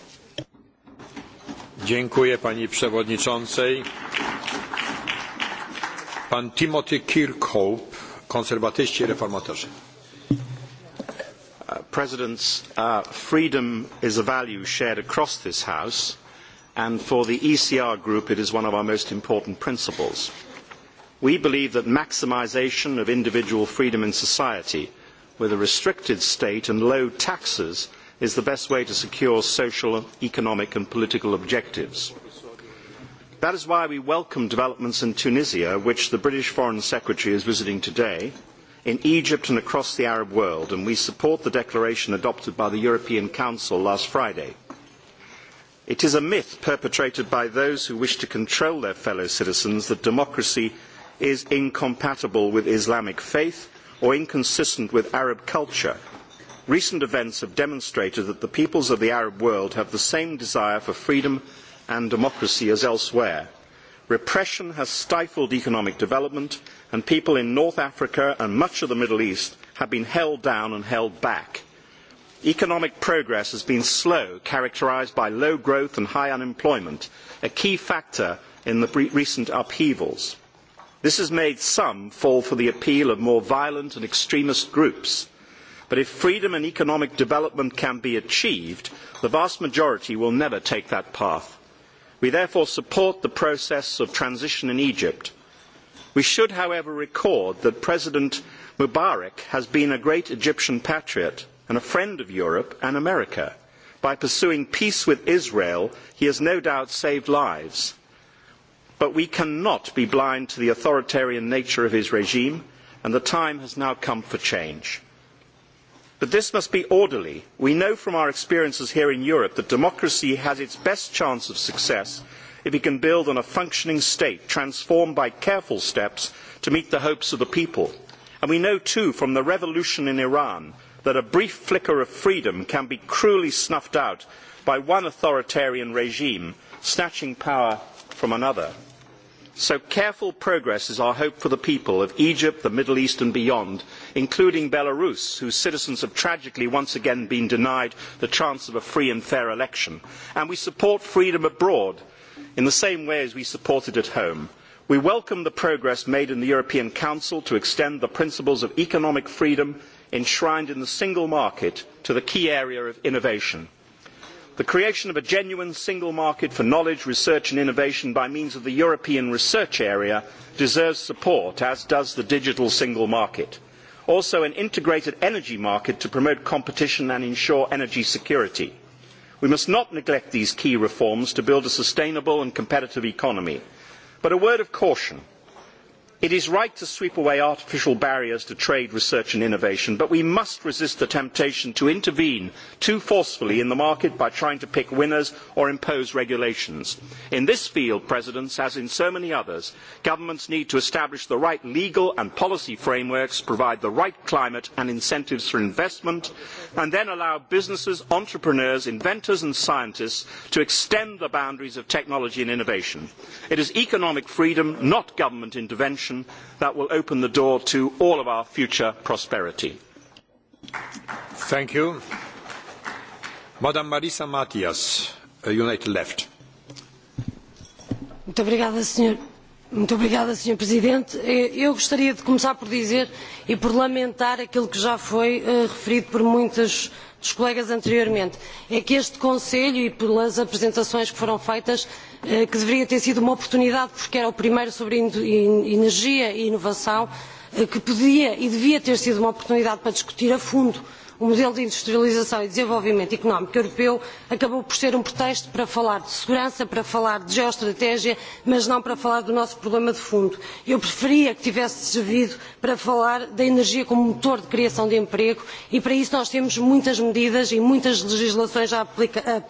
Dziękuję pani przewodniczącej. Pan Timothy Kirkhope, konserwatyści reformatorzy. Uh, Presidents, uh, freedom is a value shared across this House and for the ECR group it is one of our most important principles. We believe that maximisation of individual freedom in society with a restricted state and low taxes is the best way to secure social, economic and political objectives. That is why we welcome developments in Tunisia, which the British Foreign Secretary is visiting today, in Egypt and across the Arab world, and we support the declaration adopted by the European Council last Friday. It is a myth perpetrated by those who wish to control their fellow citizens that democracy is incompatible with Islamic faith or inconsistent with Arab culture. Recent events have demonstrated that the peoples of the Arab world have the same desire for freedom and democracy as elsewhere. Repression has stifled economic development, and people in North Africa and much of the Middle East have been held down and held back. Economic progress has been slow, characterised by low growth and high unemployment, a key factor in the recent upheavals. This has made some fall for the appeal of more violent and extremist groups. But if freedom and economic development can be achieved, the vast majority will never take that path. We therefore support the process of transition in Egypt. We should, however, record that President Mubarak has been a great Egyptian patriot and a friend of Europe and America. By pursuing peace with Israel, he has no doubt saved lives. But we cannot be blind to the authoritarian nature of his regime, and the time has now come for change. But this must be orderly. We know from our experiences here in Europe that democracy has its best chance of success if it can build on a functioning state transformed by careful steps to meet the hopes of the people. And we know too from the revolution in Iran that a brief flicker of freedom can be cruelly snuffed out by one authoritarian regime snatching power from another. So careful progress is our hope for the people of Egypt, the Middle East and beyond, including Belarus, whose citizens have tragically once again been denied the chance of a free and fair election. And we support freedom abroad in the same way as we support it at home. We welcome the progress made in the European Council to extend the principles of economic freedom enshrined in the single market to the key area of innovation. The creation of a genuine single market for knowledge, research and innovation by means of the European research area deserves support, as does the digital single market. Also, an integrated energy market to promote competition and ensure energy security. We must not neglect these key reforms to build a sustainable and competitive economy. But a word of caution. It is right to sweep away artificial barriers to trade, research and innovation, but we must resist the temptation to intervene too forcefully in the market by trying to pick winners or impose regulations. In this field, Presidents, as in so many others, governments need to establish the right legal and policy frameworks, provide the right climate and incentives for investment, and then allow businesses, entrepreneurs, inventors and scientists to extend the boundaries of technology and innovation. It is economic freedom, not government intervention, action that will open the door to all of our future prosperity. Thank you. Madam Marisa Matias, uh, Left. Muito obrigada, Muito obrigada, Sr. Presidente. Eh, eu gostaria de começar por dizer e por lamentar aquilo que já foi uh, referido por muitos dos colegas anteriormente. É que este Conselho e pelas apresentações que foram feitas Eh, que deveria ter sido uma oportunidade, porque era o primeiro sobre energia e inovação, eh, que podia e devia ter sido uma oportunidade para discutir a fundo o modelo de industrialização e desenvolvimento económico europeu acabou por ser um pretexto para falar de segurança, para falar de geoestratégia, mas não para falar do nosso problema de fundo. Eu preferia que tivesse servido para falar da energia como motor de criação de emprego e para isso nós temos muitas medidas e muitas legislações a aplicar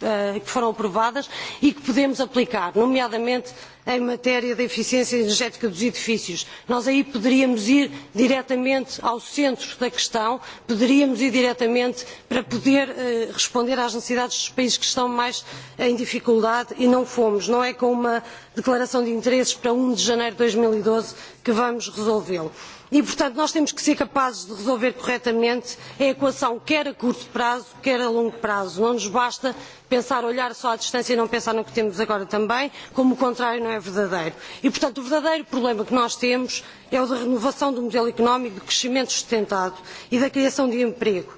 Eh, que foram aprovadas e que podemos aplicar, nomeadamente em matéria de eficiência energética dos edifícios. Nós aí poderíamos ir diretamente ao centro da questão, poderíamos ir diretamente para poder uh, responder às necessidades dos países que estão mais em dificuldade e não fomos. Não é com uma declaração de interesses para 1 um de janeiro de 2012 e que vamos resolvê-lo. E, portanto, nós temos que ser capazes de resolver corretamente a equação, quer a curto prazo, quer a longo prazo. Não nos basta pensar, olhar só à distância e não pensar no que temos agora também, como o contrário não é verdadeiro. E, portanto, o verdadeiro problema que nós temos é o da renovação do modelo económico, do crescimento sustentado e da criação de emprego.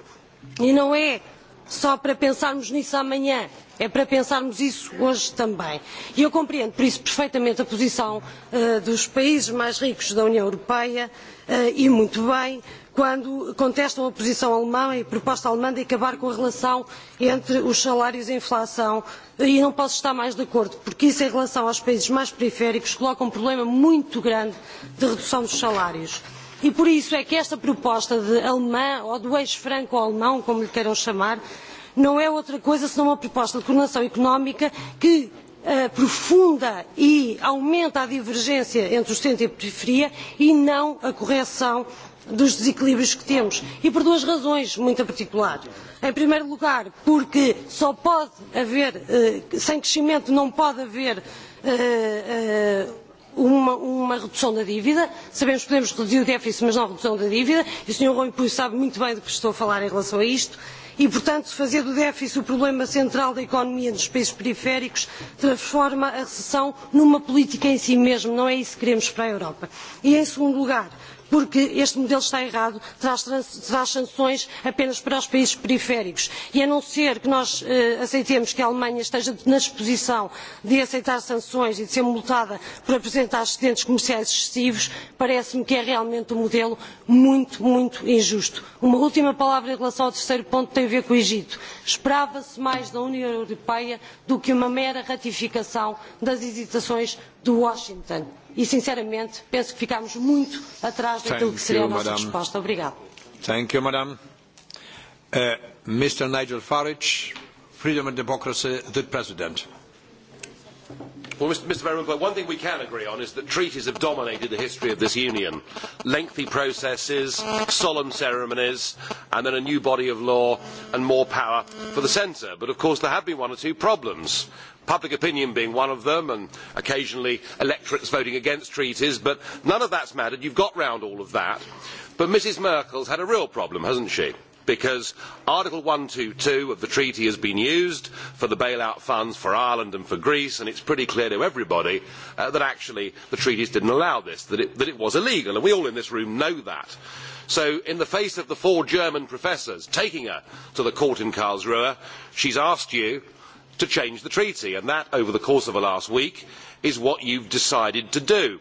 E não é só para pensarmos nisso amanhã, É para pensarmos isso hoje também. E eu compreendo por isso perfeitamente a posição uh, dos países mais ricos da União Europeia uh, e muito bem quando contestam a posição alemã e a proposta alemã de acabar com a relação entre os salários e a inflação. E não posso estar mais de acordo, porque isso, em relação aos países mais periféricos, coloca um problema muito grande de redução dos salários. E por isso é que esta proposta de alemã ou do ex-franco-alemão, como lhe queiram chamar, não é outra coisa senão uma proposta de coordenação económica que aprofunda eh, e aumenta a divergência entre o centro e a periferia e não a correção dos desequilíbrios que temos. E por duas razões muito particulares. Em primeiro lugar, porque só pode haver, eh, sem crescimento, não pode haver eh, uma, uma redução da dívida. Sabemos que podemos reduzir o déficit, mas não a redução da dívida. E o Sr. Rui Pui sabe muito bem do que estou a falar em relação a isto e, portanto, fazer do déficit o problema central da economia dos países periféricos transforma a recessão numa política em si mesmo. Não é isso que queremos para a Europa. E, em segundo lugar, porque este modelo está errado, traz, traz sanções apenas para os países periféricos. E a não ser que nós uh, aceitemos que a Alemanha esteja na disposição de aceitar sanções e de ser multada por apresentar excedentes comerciais excessivos, parece-me que é realmente um modelo muito, muito injusto. Uma última palavra em relação ao terceiro ponto tem a ver com o Egito. Esperava-se mais da União Europeia do que uma mera ratificação das hesitações de Washington e, sinceramente, penso que ficámos muito atrás daquilo que seria a nossa madame. resposta. Obrigado. Thank you, Madam. Uh, Mr. Nigel Farage, Freedom and Democracy, the President. Well, Mr. Van one thing we can agree on is that treaties have dominated the history of this union. Lengthy processes, solemn ceremonies, and then a new body of law and more power for the centre. But of course, there have been one or two problems. Public opinion being one of them, and occasionally electorates voting against treaties, but none of that has mattered. You have got round all of that. But Mrs. Merkel has had a real problem, has not she? because Article one hundred and two of the treaty has been used for the bailout funds for Ireland and for Greece, and it is pretty clear to everybody uh, that actually the treaties did not allow this, that it, that it was illegal, and we all in this room know that. So, in the face of the four German professors taking her to the court in Karlsruhe, she has asked you to change the treaty, and that, over the course of the last week, is what you have decided to do.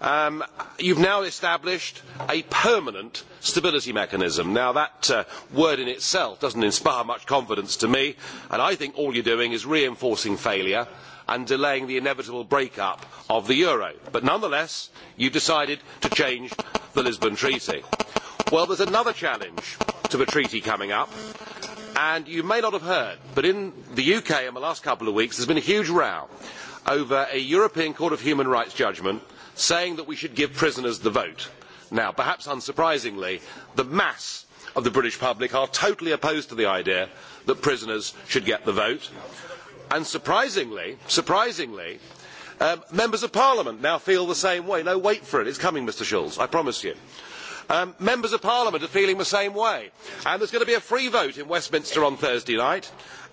Um, you have now established a permanent stability mechanism. Now, that uh, word in itself does not inspire much confidence to me, and I think all you are doing is reinforcing failure and delaying the inevitable break up of the euro. But nonetheless, you have decided to change the Lisbon Treaty. Well, there is another challenge to the treaty coming up, and you may not have heard, but in the UK in the last couple of weeks, there has been a huge row over a European Court of Human Rights judgment saying that we should give prisoners the vote. Now, perhaps unsurprisingly, the mass of the British public are totally opposed to the idea that prisoners should get the vote. And surprisingly, surprisingly, um, members of parliament now feel the same way. No, wait for it. It's coming, Mr. Schulz. I promise you. Um, members of parliament are feeling the same way. And there's going to be a free vote in Westminster on Thursday night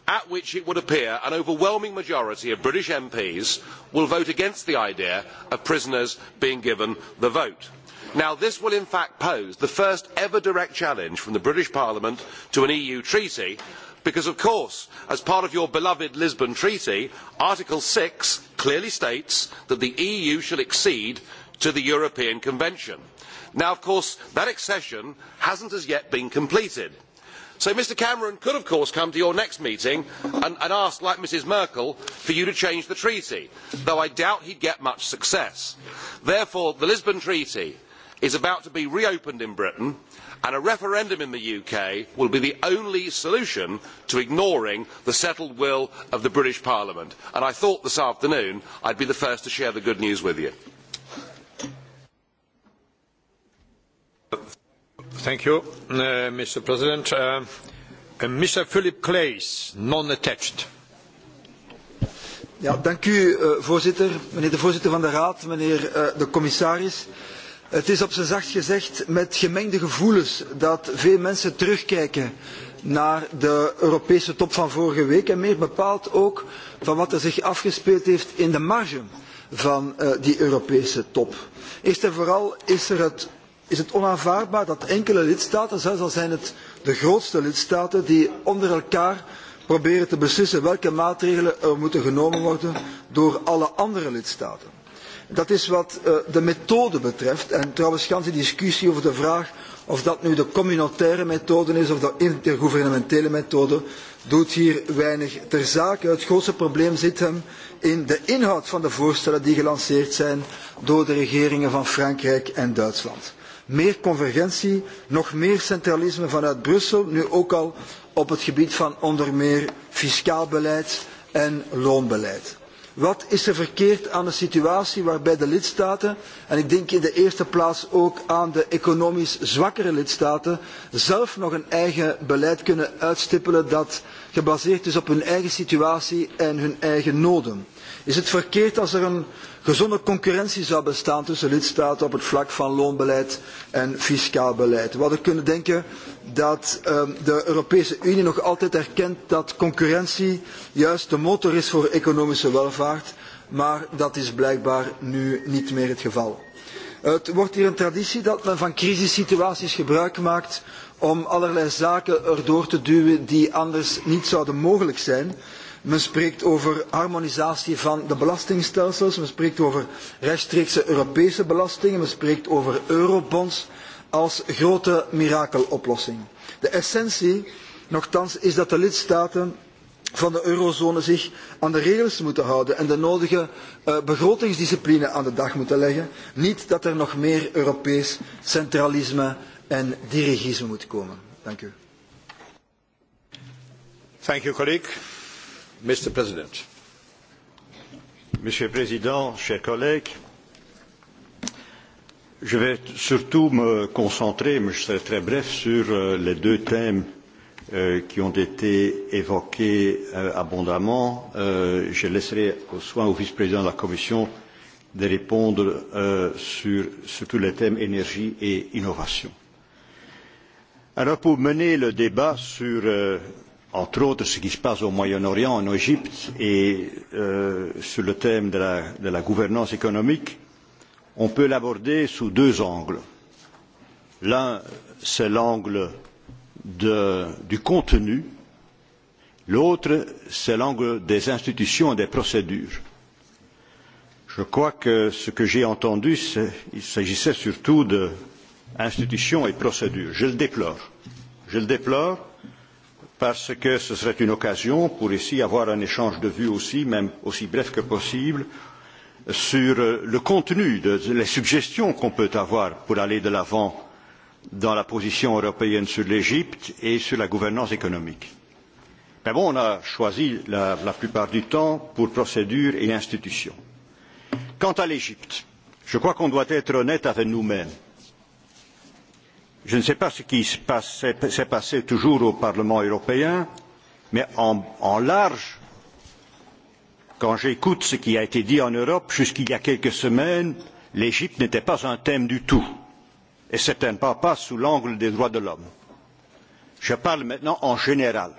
at which it would appear an overwhelming majority of British MPs will vote against the idea of prisoners being given the vote. Now, this will in fact pose the first ever direct challenge from the British Parliament to an EU treaty because, of course, as part of your beloved Lisbon Treaty, Article six clearly states that the EU shall accede to the European Convention. Now, of course, that accession has not as yet been completed So Mr Cameron could of course come to your next meeting and, ask, like Mrs Merkel, for you to change the treaty, though I doubt he would get much success. Therefore, the Lisbon Treaty is about to be reopened in Britain and a referendum in the UK will be the only solution to ignoring the settled will of the British Parliament. And I thought this afternoon I would be the first to share the good news with you. Thank you, uh, Mr. President. Uh, uh Mr. Philip Claes, non-attached. Ja, dank u, uh, voorzitter. Meneer de voorzitter van de Raad, meneer uh, de commissaris. Het is op zijn zacht gezegd met gemengde gevoelens dat veel mensen terugkijken naar de Europese top van vorige week en meer bepaald ook van wat er zich afgespeeld heeft in de marge van uh, die Europese top. Eerst en vooral is er het is het onaanvaardbaar dat enkele lidstaten, zelfs al zijn het de grootste lidstaten, die onder elkaar proberen te beslissen welke maatregelen er moeten genomen worden door alle andere lidstaten. Dat is wat uh, de methode betreft en trouwens gans die discussie over de vraag of dat nu de communautaire methode is of de intergouvernementele methode doet hier weinig ter zake. Het grootste probleem zit hem in de inhoud van de voorstellen die gelanceerd zijn door de regeringen van Frankrijk en Duitsland meer convergentie, nog meer centralisme vanuit Brussel, nu ook al op het gebied van onder meer fiscaal beleid en loonbeleid. Wat is er verkeerd aan een situatie waarbij de lidstaten, en ik denk in de eerste plaats ook aan de economisch zwakkere lidstaten, zelf nog een eigen beleid kunnen uitstippelen dat gebaseerd is op hun eigen situatie en hun eigen noden? Is het verkeerd als er een Gezonde concurrentie zou bestaan tussen lidstaten op het vlak van loonbeleid en fiscaal beleid. We hadden kunnen denken dat um, de Europese Unie nog altijd erkent dat concurrentie juist de motor is voor economische welvaart, maar dat is blijkbaar nu niet meer het geval. Het wordt hier een traditie dat men van crisissituaties gebruik maakt om allerlei zaken erdoor te duwen die anders niet zouden mogelijk zijn. Men spreekt over harmonisatie van de belastingstelsels. Men spreekt over rechtstreekse Europese belastingen. Men spreekt over eurobonds als grote mirakeloplossing. De essentie, nogthans, is dat de lidstaten van de eurozone zich aan de regels moeten houden en de nodige uh, begrotingsdiscipline aan de dag moeten leggen. Niet dat er nog meer Europees centralisme en dirigisme moet komen. Dank u. Thank you, colleague. Mr. President. Monsieur le Président, chers collègues, je vais surtout me concentrer, mais je serai très bref, sur euh, les deux thèmes euh, qui ont été évoqués euh, abondamment. Euh, je laisserai aux soins au vice-président de la Commission de répondre euh, sur, tous les thèmes énergie et innovation. Alors pour mener le débat sur euh, entre autres ce qui se passe au Moyen-Orient, en Égypte, et euh, sur le thème de la, de la gouvernance économique, on peut l'aborder sous deux angles. L'un, c'est l'angle du contenu, l'autre, c'est l'angle des institutions et des procédures. Je crois que ce que j'ai entendu, il s'agissait surtout d'institutions et procédures. Je le déplore. Je le déplore parce que ce serait une occasion pour ici avoir un échange de vues aussi, même aussi bref que possible, sur euh, le contenu, de, les suggestions qu'on peut avoir pour aller de l'avant dans la position européenne sur l'Égypte et sur la gouvernance économique. Mais bon, on a choisi la, la plupart du temps pour procédure et institutions. Quant à l'Égypte, je crois qu'on doit être honnête avec nous-mêmes. Je ne sais pas ce qui s'est passé, passé toujours au Parlement européen, mais en, en large, quand j'écoute ce qui a été dit en Europe jusqu'il y a quelques semaines, l'Égypte n'était pas un thème du tout, et pas pas sous l'angle des droits de l'homme. Je parle maintenant en général.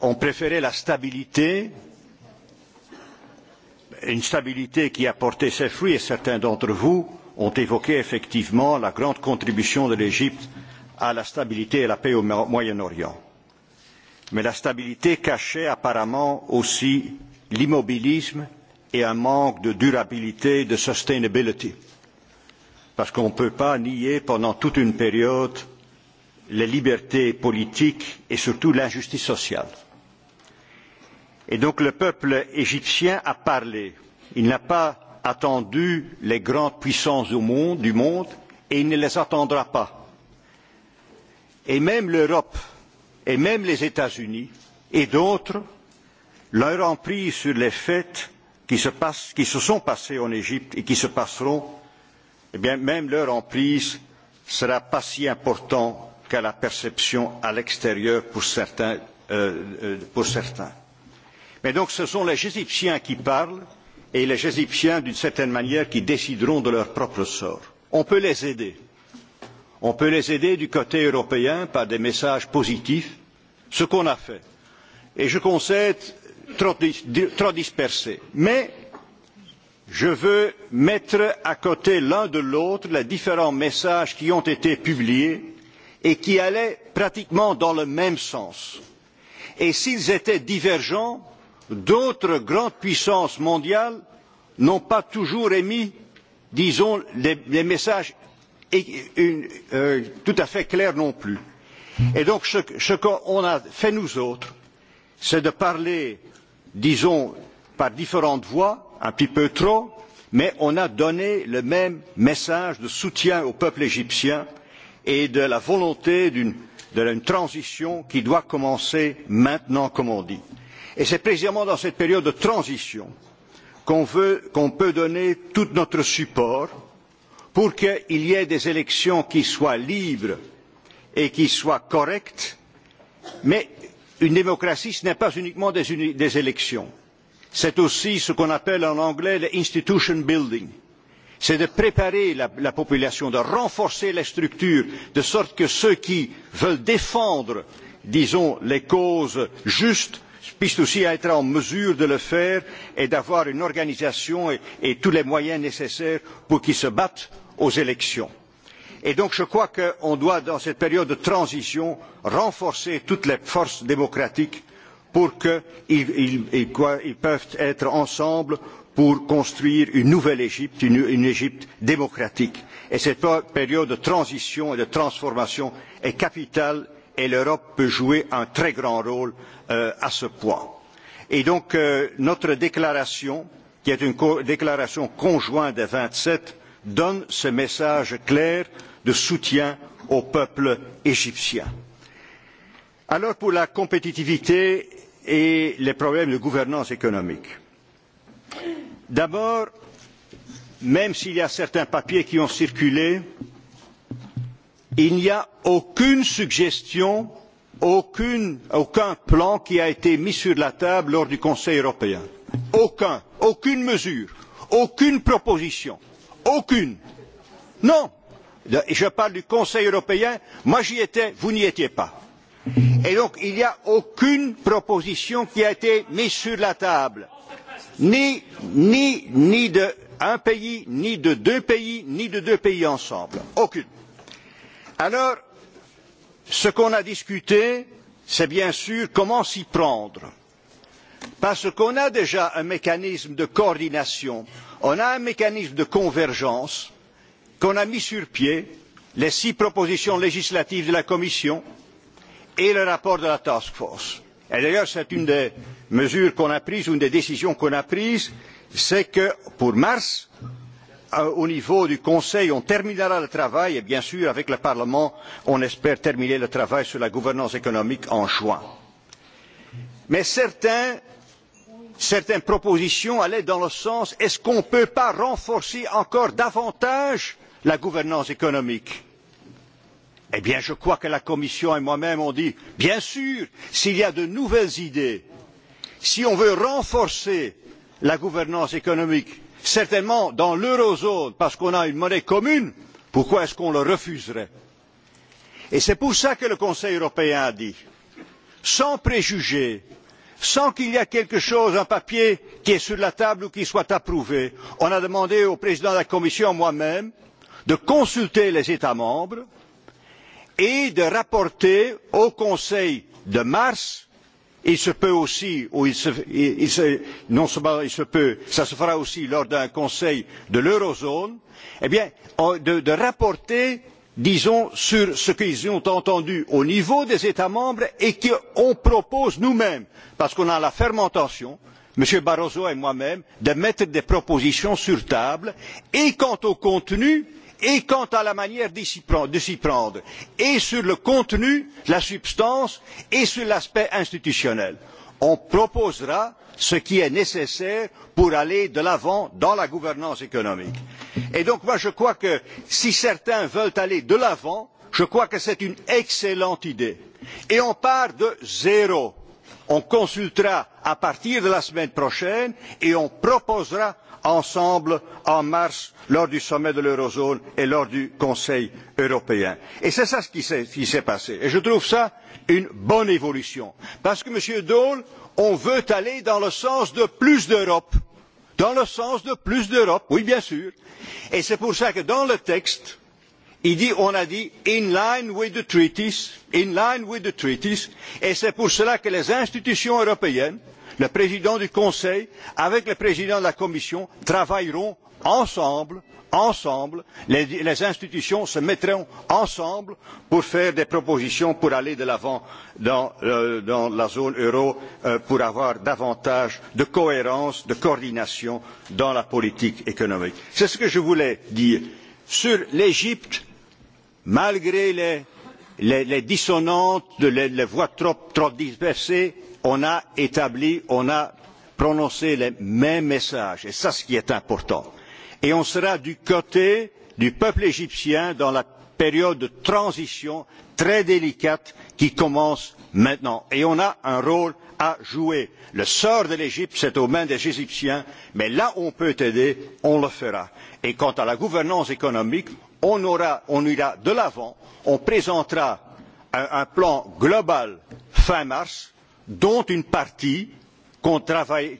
On préférait la stabilité, une stabilité qui a porté ses fruits, et certains d'entre vous, ont évoqué effectivement la grande contribution de l'Égypte à la stabilité et à la paix au Moyen-Orient. Mais la stabilité cachait apparemment aussi l'immobilisme et un manque de durabilité, de sustainability. Parce qu'on ne peut pas nier pendant toute une période les libertés politiques et surtout l'injustice sociale. Et donc le peuple égyptien a parlé. Il n'a pas attendu les grandes puissances du monde, du monde et il ne les attendra pas. Et même l'Europe, et même les États-Unis, et d'autres, leur emprise sur les faits qui se, passent, qui se sont passés en Égypte et qui se passeront, eh bien, même leur emprise sera pas si importante qu'à la perception à l'extérieur pour euh, euh, pour certains. Mais donc ce sont les Égyptiens qui parlent et les Égyptiens, d'une certaine manière, qui décideront de leur propre sort. On peut les aider. On peut les aider du côté européen par des messages positifs, ce qu'on a fait. Et je concède trop, trop dispersé. Mais je veux mettre à côté l'un de l'autre les différents messages qui ont été publiés et qui allaient pratiquement dans le même sens. Et s'ils étaient divergents, d'autres grandes puissances mondiales n'ont pas toujours émis, disons, les, les messages et, une, euh, tout à fait clairs non plus. Et donc, ce, ce qu'on a fait nous autres, c'est de parler, disons, par différentes voies, un petit peu trop, mais on a donné le même message de soutien au peuple égyptien et de la volonté d'une transition qui doit commencer maintenant, comme on dit. Et c'est précisément dans cette période de transition qu'on qu peut donner tout notre support pour qu'il y ait des élections qui soient libres et qui soient correctes. Mais une démocratie, ce n'est pas uniquement des, des élections. C'est aussi ce qu'on appelle en anglais le institution building c'est de préparer la, la, population, de renforcer les structures, de sorte que ceux qui veulent défendre, disons, les causes justes Pistoussi à être en mesure de le faire et d'avoir une organisation et, et tous les moyens nécessaires pour qu'ils se battent aux élections. Et donc je crois qu'on doit, dans cette période de transition, renforcer toutes les forces démocratiques pour qu'ils puissent être ensemble pour construire une nouvelle Égypte, une, une Égypte démocratique. Et cette période de transition et de transformation est capitale et l'Europe peut jouer un très grand rôle euh, à ce point. Et donc euh, notre déclaration, qui est une co déclaration conjointe des 27, sept, donne ce message clair de soutien au peuple égyptien. Alors pour la compétitivité et les problèmes de gouvernance économique. D'abord, même s'il y a certains papiers qui ont circulé, euh, il n'y a aucune suggestion, aucune, aucun plan qui a été mis sur la table lors du Conseil européen. Aucun, aucune mesure, aucune proposition, aucune. Non, je parle du Conseil européen, moi j'y étais, vous n'y étiez pas. Et donc il n'y a aucune proposition qui a été mise sur la table, ni, ni, ni d'un pays, ni de deux pays, ni de deux pays ensemble. Aucune. Alors, ce qu'on a discuté, c'est bien sûr comment s'y prendre. Parce qu'on a déjà un mécanisme de coordination, on a un mécanisme de convergence qu'on a mis sur pied, les six propositions législatives de la Commission et le rapport de la task force. Et d'ailleurs, c'est une des mesures qu'on a prises, une des décisions qu'on a prises, c'est que pour mars, Euh, au niveau du Conseil, on terminera le travail et bien sûr, avec le Parlement, on espère terminer le travail sur la gouvernance économique en juin. Mais certains, certaines propositions allaient dans le sens est ce qu'on ne peut pas renforcer encore davantage la gouvernance économique? Eh bien, je crois que la Commission et moi-même ont dit, bien sûr, s'il y a de nouvelles idées, si on veut renforcer la gouvernance économique, certainement dans l'eurozone parce qu'on a une monnaie commune, pourquoi est-ce qu'on le refuserait Et c'est pour cela que le Conseil européen a dit, sans préjugés, sans qu'il y ait quelque chose, un papier qui est sur la table ou qui soit approuvé, on a demandé au président de la Commission, moi-même, de consulter les États membres et de rapporter au Conseil de mars Il se peut aussi, ou il se, il se, non seulement il se peut, ça se fera aussi lors d'un conseil de l'eurozone, eh bien, de, de rapporter, disons, sur ce qu'ils ont entendu au niveau des États membres et qu'on propose nous-mêmes, parce qu'on a la fermentation, M. Barroso et moi-même, de mettre des propositions sur table, et quant au contenu, et quant à la manière de s'y prendre, et sur le contenu, la substance et sur l'aspect institutionnel. On proposera ce qui est nécessaire pour aller de l'avant dans la gouvernance économique. Et donc moi je crois que si certains veulent aller de l'avant, je crois que c'est une excellente idée. Et on part de zéro. On consultera à partir de la semaine prochaine et on proposera ensemble en marche lors du sommet de l'eurozone et lors du Conseil européen. Et c'est cela qui s'est passé. Et je trouve cela une bonne évolution. Parce que, Monsieur Daul, on veut aller dans le sens de plus d'Europe. Dans le sens de plus d'Europe, oui, bien sûr. Et c'est pour cela que dans le texte, il dit, on a dit in line with the treaties, in line with the treaties, et c'est pour cela que les institutions européennes, Le président du Conseil avec le président de la Commission travailleront ensemble, ensemble, les, les institutions se mettront ensemble pour faire des propositions pour aller de l'avant dans, euh, dans la zone euro, euh, pour avoir davantage de cohérence, de coordination dans la politique économique. C'est ce que je voulais dire. Sur l'Égypte, malgré les, les, les dissonantes, les, les voix trop, trop dispersées, on a établi, on a prononcé les mêmes messages, et c'est ce qui est important. Et on sera du côté du peuple égyptien dans la période de transition très délicate qui commence maintenant. Et on a un rôle à jouer. Le sort de l'Égypte, c'est aux mains des Égyptiens, mais là où on peut aider, on le fera. Et quant à la gouvernance économique, on, aura, on ira de l'avant, on présentera un, un plan global fin mars, dont une partie travaille,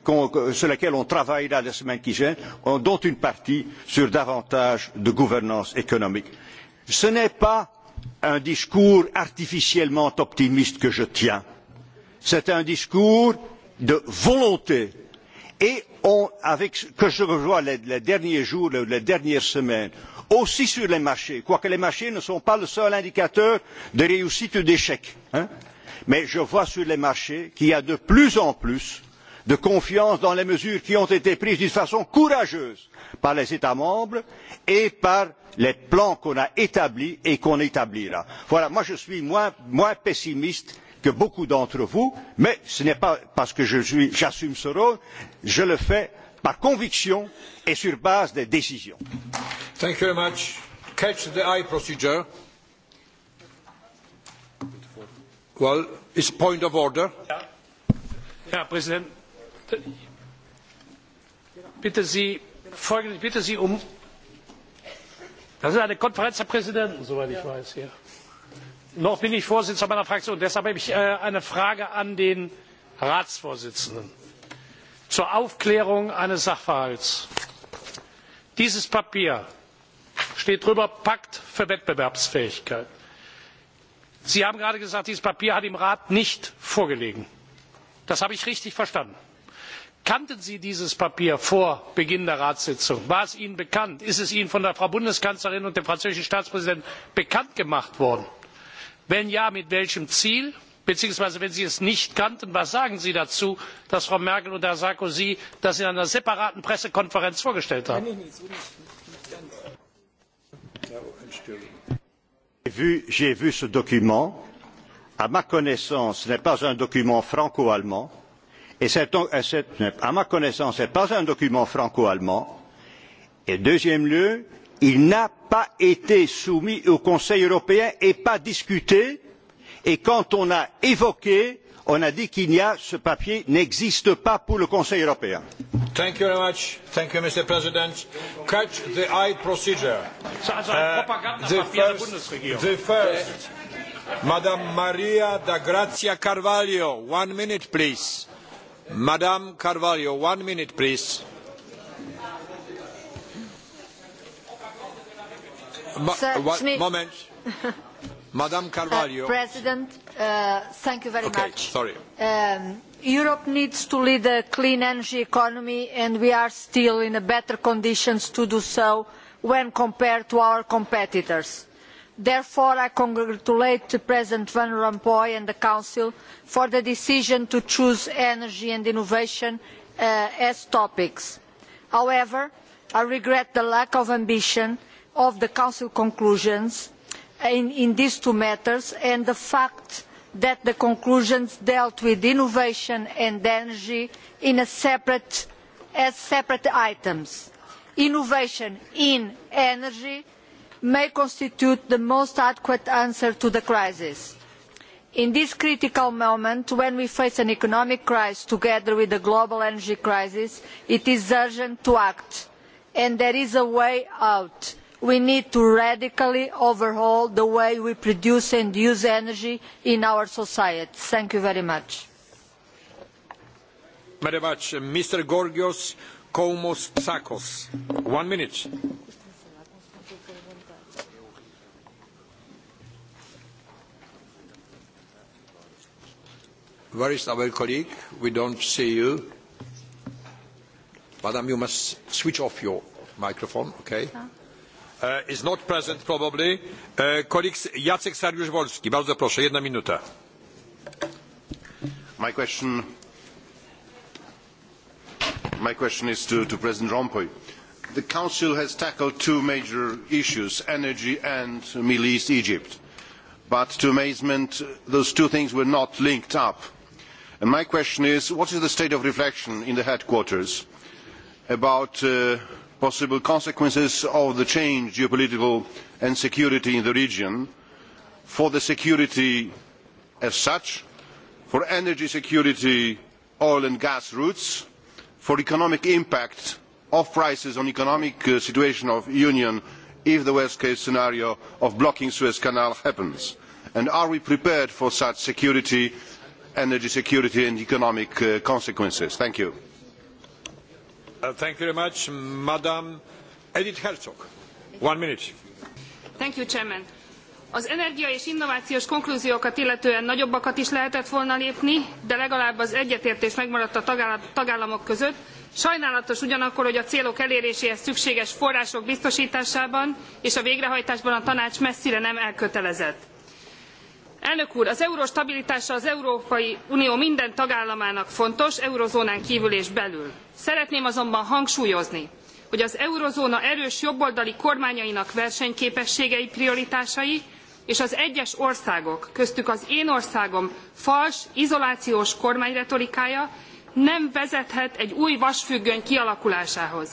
sur laquelle on travaillera la semaine qui vient, dont une partie sur davantage de gouvernance économique. Ce n'est pas un discours artificiellement optimiste que je tiens. C'est un discours de volonté et on, avec ce que je revois les, les derniers jours, les, les dernières semaines, aussi sur les marchés, quoique les marchés ne sont pas le seul indicateur de réussite ou d'échec. Hein mais je vois sur les marchés qu'il y a de plus en plus de confiance dans les mesures qui ont été prises d'une façon courageuse par les États membres et par les plans qu'on a établis et qu'on établira. Voilà, moi je suis moins, moins pessimiste que beaucoup d'entre vous, mais ce n'est pas parce que j'assume ce rôle, je le fais par conviction et sur base des décisions. Thank you very much. Catch the eye procedure. Well, it's point of order. Herr Präsident, bitte Sie, folgendes, ich bitte Sie um, das ist eine Konferenz der Präsidenten, soweit ich weiß, hier. Noch bin ich Vorsitzender meiner Fraktion, deshalb habe ich äh, eine Frage an den Ratsvorsitzenden zur Aufklärung eines Sachverhalts. Dieses Papier steht drüber Pakt für Wettbewerbsfähigkeit. Sie haben gerade gesagt, dieses Papier hat dem Rat nicht vorgelegen. Das habe ich richtig verstanden. Kannten Sie dieses Papier vor Beginn der Ratssitzung? War es Ihnen bekannt? Ist es Ihnen von der Frau Bundeskanzlerin und dem französischen Staatspräsidenten bekannt gemacht worden? Wenn ja, mit welchem Ziel? Beziehungsweise, wenn Sie es nicht kannten, was sagen Sie dazu, dass Frau Merkel und Herr Sarkozy das in einer separaten Pressekonferenz vorgestellt haben? J'ai vu ce document. À ma connaissance, ce n'est pas un document franco-allemand. Et c'est, à ma connaissance, ce n'est pas un document franco-allemand. Et deuxième lieu, il n'a pas été soumis au Conseil européen et pas discuté. Et quand on a évoqué on a dit qu'il n'y a ce papier n'existe pas pour le Conseil européen. Thank you very much. Thank you, Mr. President. Catch the eye procedure. Uh, the first, the first, Maria da Grazia Carvalho, one minute, please. Carvalho, one minute, please. Ma, moment. Madam uh, Carvalho. Uh, President, uh, thank you very okay, much. Sorry. Um, Europe needs to lead a clean energy economy and we are still in better conditions to do so when compared to our competitors. Therefore, I congratulate President Van Rompuy and the Council for the decision to choose energy and innovation uh, as topics. However, I regret the lack of ambition of the Council conclusions in, in these two matters and the fact that the conclusions dealt with innovation and energy separate, as separate items. Innovation in energy may constitute the most adequate answer to the crisis. In this critical moment, when we face an economic crisis together with the global energy crisis, it is urgent to act, and there is a way out we need to radically overhaul the way we produce and use energy in our society. Thank you very much. Very much. Mr. Gorgios Komos Tsakos. One minute. Where is our colleague? We don't see you. Madam, you must switch off your microphone, okay? Uh, is not present probably. Uh, Jacek Sariusz-Wolski, bardzo proszę, jedna minuta. My question, my question is to, to President Rompuy. The Council has tackled two major issues, energy and Middle East Egypt. But to amazement, those two things were not linked up. And my question is, what is the state of reflection in the headquarters about uh, possible consequences of the changed geopolitical and security in the region for the security as such, for energy security, oil and gas routes, for economic impact of prices on economic uh, situation of union if the worst case scenario of blocking Suez Canal happens. And are we prepared for such security, energy security and economic uh, consequences? Thank you. Uh, thank you very much, Madam Edith Herzog. One minute. Thank you, Chairman. Az energia és innovációs konklúziókat illetően nagyobbakat is lehetett volna lépni, de legalább az egyetértés megmaradt a tagállamok között. Sajnálatos ugyanakkor, hogy a célok eléréséhez szükséges források biztosításában és a végrehajtásban a tanács messzire nem elkötelezett. Elnök úr, az euró stabilitása az Európai Unió minden tagállamának fontos, eurozónán kívül és belül. Szeretném azonban hangsúlyozni, hogy az eurozóna erős jobboldali kormányainak versenyképességei prioritásai és az egyes országok, köztük az én országom fals, izolációs kormányretorikája nem vezethet egy új vasfüggöny kialakulásához.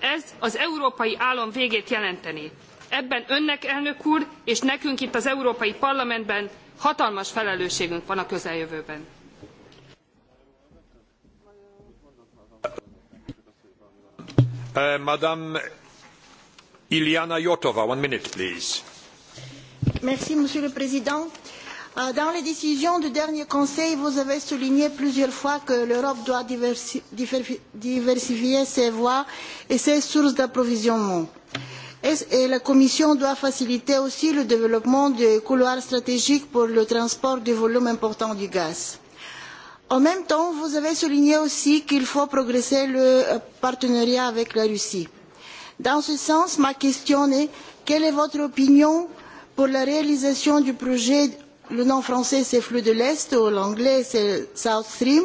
Ez az európai állam végét jelenteni. Ebben önnek, elnök úr, és nekünk itt az Európai Parlamentben hatalmas felelősségünk van a közeljövőben. Uh, Madame Iliana Jotova, one minute, please. Merci, Monsieur le Président. Uh, dans les décisions du dernier Conseil, vous avez souligné plusieurs fois que l'Europe doit diversi diversifier ses voies et ses sources d'approvisionnement la Commission doit faciliter aussi le développement de couloirs stratégiques pour le transport du volume important du gaz. En même temps, vous avez souligné aussi qu'il faut progresser le partenariat avec la Russie. Dans ce sens, ma question est quelle est votre opinion pour la réalisation du projet le nom français c'est Flux de l'Est ou l'anglais c'est South Stream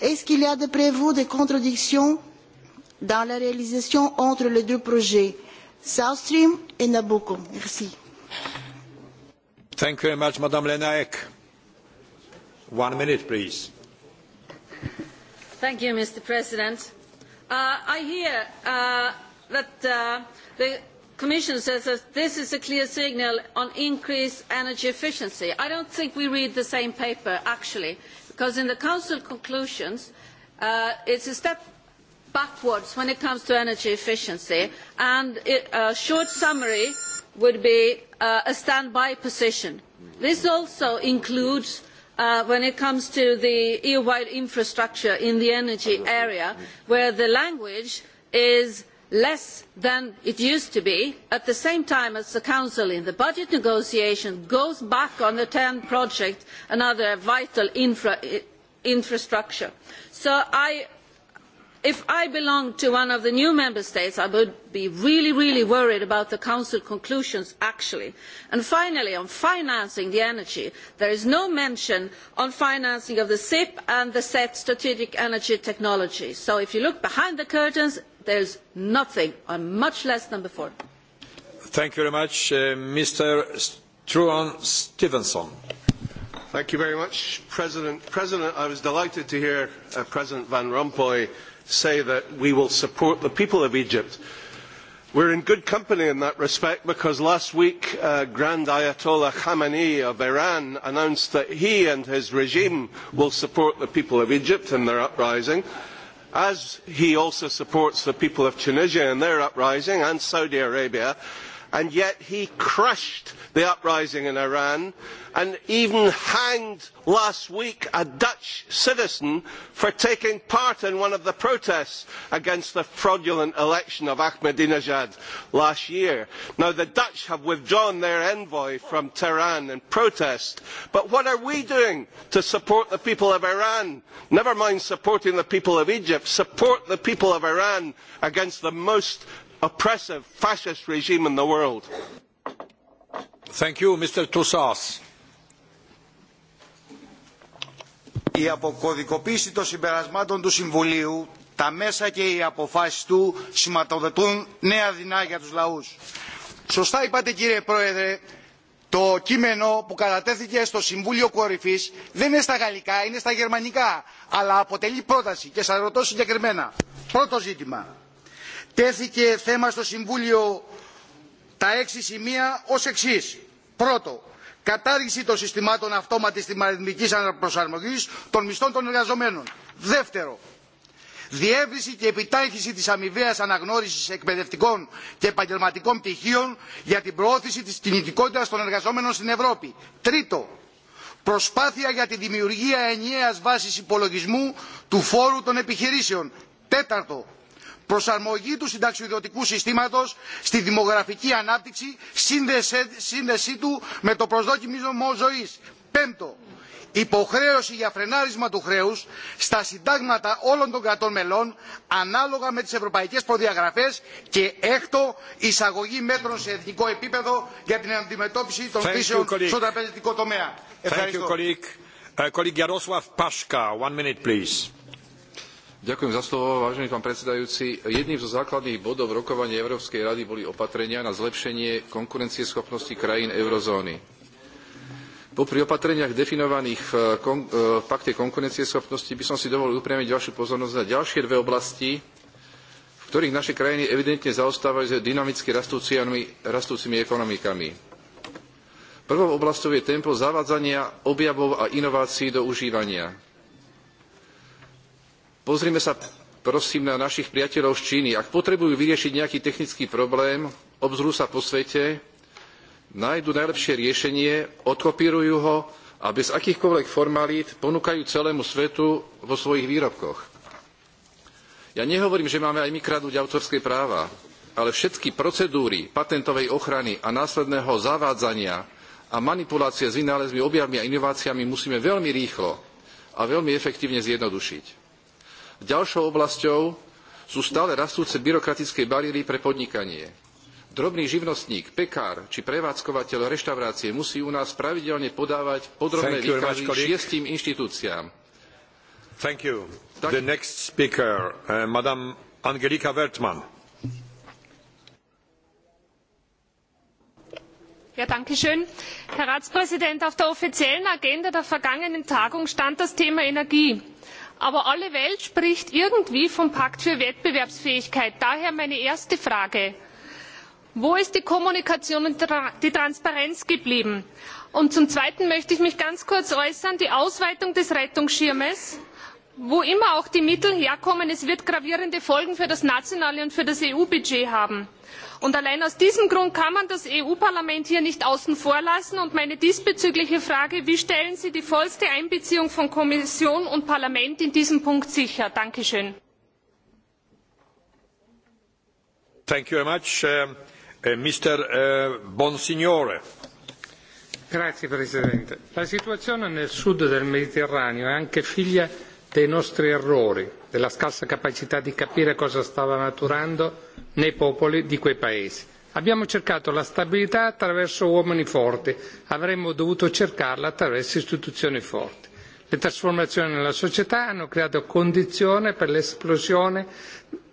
est-ce qu'il y a d'après vous des contradictions dans la réalisation entre les deux projets? South Stream Nabucco. Merci. Thank you very much, Madame Lenaek. One minute, please. Thank you, Mr. President. Uh, I hear uh, that uh, the Commission says that this is a clear signal on increased energy efficiency. I don't think we read the same paper, actually, because in the Council conclusions, uh, it's a step backwards when it comes to energy efficiency and it, a short summary would be uh, a standby position. This also includes uh, when it comes to the EU-wide infrastructure in the energy area where the language is less than it used to be at the same time as the council in the budget negotiation goes back on the ten project and other vital infra infrastructure. So I if I belonged to one of the new member states, I would be really, really worried about the council conclusions actually. And finally, on financing the energy, there is no mention on financing of the SIP and the SET strategic energy technology. So if you look behind the curtains, there is nothing, or much less than before. Thank you very much, uh, Mr. Struan Stevenson. Thank you very much, President. President, I was delighted to hear uh, President Van Rompuy say that we will support the people of Egypt. We are in good company in that respect because last week uh, Grand Ayatollah Khamenei of Iran announced that he and his regime will support the people of Egypt in their uprising, as he also supports the people of Tunisia in their uprising and Saudi Arabia and yet he crushed the uprising in Iran and even hanged last week a Dutch citizen for taking part in one of the protests against the fraudulent election of Ahmadinejad last year. Now the Dutch have withdrawn their envoy from Tehran in protest, but what are we doing to support the people of Iran? Never mind supporting the people of Egypt, support the people of Iran against the most oppressive fascist regime in the world. Thank you, Mr. Toussas. Η αποκωδικοποίηση των συμπερασμάτων του Συμβουλίου, τα μέσα και οι αποφάσεις του σηματοδοτούν νέα δεινά για τους λαούς. Σωστά είπατε κύριε Πρόεδρε, το κείμενο που κατατέθηκε στο Συμβούλιο Κορυφής δεν είναι στα γαλλικά, είναι στα γερμανικά, αλλά αποτελεί πρόταση και σας ρωτώ συγκεκριμένα. Πρώτο ζήτημα τέθηκε θέμα στο Συμβούλιο τα έξι σημεία ως εξής. Πρώτο, κατάργηση των συστημάτων αυτόματης τιμαρρυθμικής αναπροσαρμογής των μισθών των εργαζομένων. Δεύτερο, διεύρυνση και επιτάχυνση της αμοιβαίας αναγνώρισης εκπαιδευτικών και επαγγελματικών πτυχίων για την προώθηση της κινητικότητας των εργαζόμενων στην Ευρώπη. Τρίτο, προσπάθεια για τη δημιουργία ενιαίας βάσης υπολογισμού του φόρου των επιχειρήσεων. Τέταρτο, προσαρμογή του συνταξιδιωτικού συστήματος στη δημογραφική ανάπτυξη, σύνδεσή του με το προσδόκιμο ζωής. Πέμπτο, υποχρέωση για φρενάρισμα του χρέους στα συντάγματα όλων των κρατών μελών ανάλογα με τις ευρωπαϊκές προδιαγραφές και έκτο εισαγωγή μέτρων σε εθνικό επίπεδο για την αντιμετώπιση των κρίσεων στον τραπεζικό τομέα. Ευχαριστώ. Thank colleague. Uh, colleague one minute please. Ďakujem za slovo, vážený pán predsedajúci. Jedným zo základných bodov rokovania Európskej rady boli opatrenia na zlepšenie konkurencieschopnosti krajín eurozóny. Popri opatreniach definovaných v, kon- v e, pakte konkurencieschopnosti by som si dovolil upriamiť vašu pozornosť na ďalšie dve oblasti, v ktorých naše krajiny evidentne zaostávajú dynamicky rastúcimi, rastúcimi ekonomikami. Prvou oblastou je tempo zavádzania objavov a inovácií do užívania. Pozrime sa prosím na našich priateľov z Číny. Ak potrebujú vyriešiť nejaký technický problém, obzrú sa po svete, nájdu najlepšie riešenie, odkopírujú ho a bez akýchkoľvek formalít ponúkajú celému svetu vo svojich výrobkoch. Ja nehovorím, že máme aj my kradnúť autorské práva, ale všetky procedúry patentovej ochrany a následného zavádzania a manipulácie s vynálezmi, objavmi a inováciami musíme veľmi rýchlo a veľmi efektívne zjednodušiť. Ďalšou oblasťou sú stále rastúce byrokratické bariéry pre podnikanie. Drobný živnostník, pekár či prevádzkovateľ reštaurácie musí u nás pravidelne podávať podrobné výkazy šiestim inštitúciám. Thank you. Tak... The next speaker, uh, Madame Angelika Wertmann. Ja, danke schön. Herr Ratspräsident, auf der offiziellen Agenda der vergangenen Tagung stand das Thema Energie. Aber alle Welt spricht irgendwie vom Pakt für Wettbewerbsfähigkeit. Daher meine erste Frage. Wo ist die Kommunikation und die Transparenz geblieben? Und zum Zweiten möchte ich mich ganz kurz äußern, die Ausweitung des Rettungsschirmes. Wo immer auch die Mittel herkommen, es wird gravierende Folgen für das nationale und für das EU-Budget haben. Und allein aus diesem Grund kann man das EU Parlament hier nicht außen vor lassen. Und meine diesbezügliche Frage, wie stellen Sie die vollste Einbeziehung von Kommission und Parlament in diesem Punkt sicher? Dankeschön. Thank you very much. Uh, uh, Mr. Uh, Bonsignore. Grazie Presidente. La situazione nel sud del Mediterraneo è anche figlia dei nostri errori, della scarsa capacità di capire cosa stava maturando nei popoli di quei paesi. Abbiamo cercato la stabilità attraverso uomini forti, avremmo dovuto cercarla attraverso istituzioni forti. Le trasformazioni nella società hanno creato condizioni per l'esplosione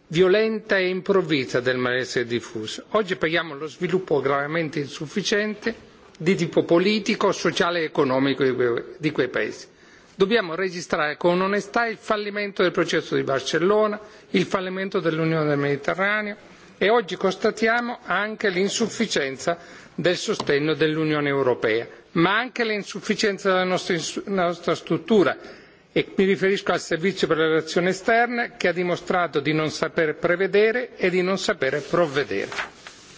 violenta e improvvisa del malessere diffuso. Oggi paghiamo lo sviluppo gravemente insufficiente di tipo politico, sociale e economico di quei paesi dobbiamo registrare con onestà il fallimento del processo di Barcellona, il fallimento dell'Unione del Mediterraneo e oggi constatiamo anche l'insufficienza del sostegno dell'Unione Europea, ma anche l'insufficienza della nostra, nostra struttura e mi riferisco al servizio per le relazioni esterne che ha dimostrato di non saper prevedere e di non sapere provvedere.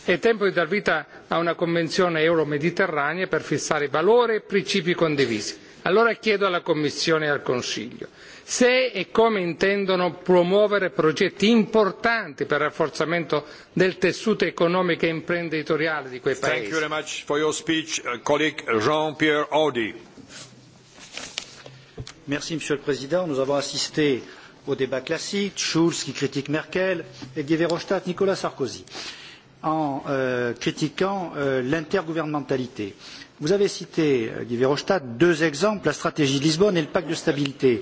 È tempo di dar vita a una convenzione euro-mediterranea per fissare valori e principi condivisi. Allora chiedo alla Commissione e al Consiglio se e come intendono promuovere progetti importanti per il rafforzamento del tessuto economico e imprenditoriale di quei paesi. Speech, uh, Merci, Monsieur le Président. Nous avons assisté au débat classique, Schulz qui critique Merkel et Guy Verhofstadt Nicolas Sarkozy en euh, critiquant euh, l'intergouvernementalité. Euh, Vous avez cité, euh, Guy Verhofstadt, deux exemples, la stratégie de Lisbonne et le pacte de stabilité.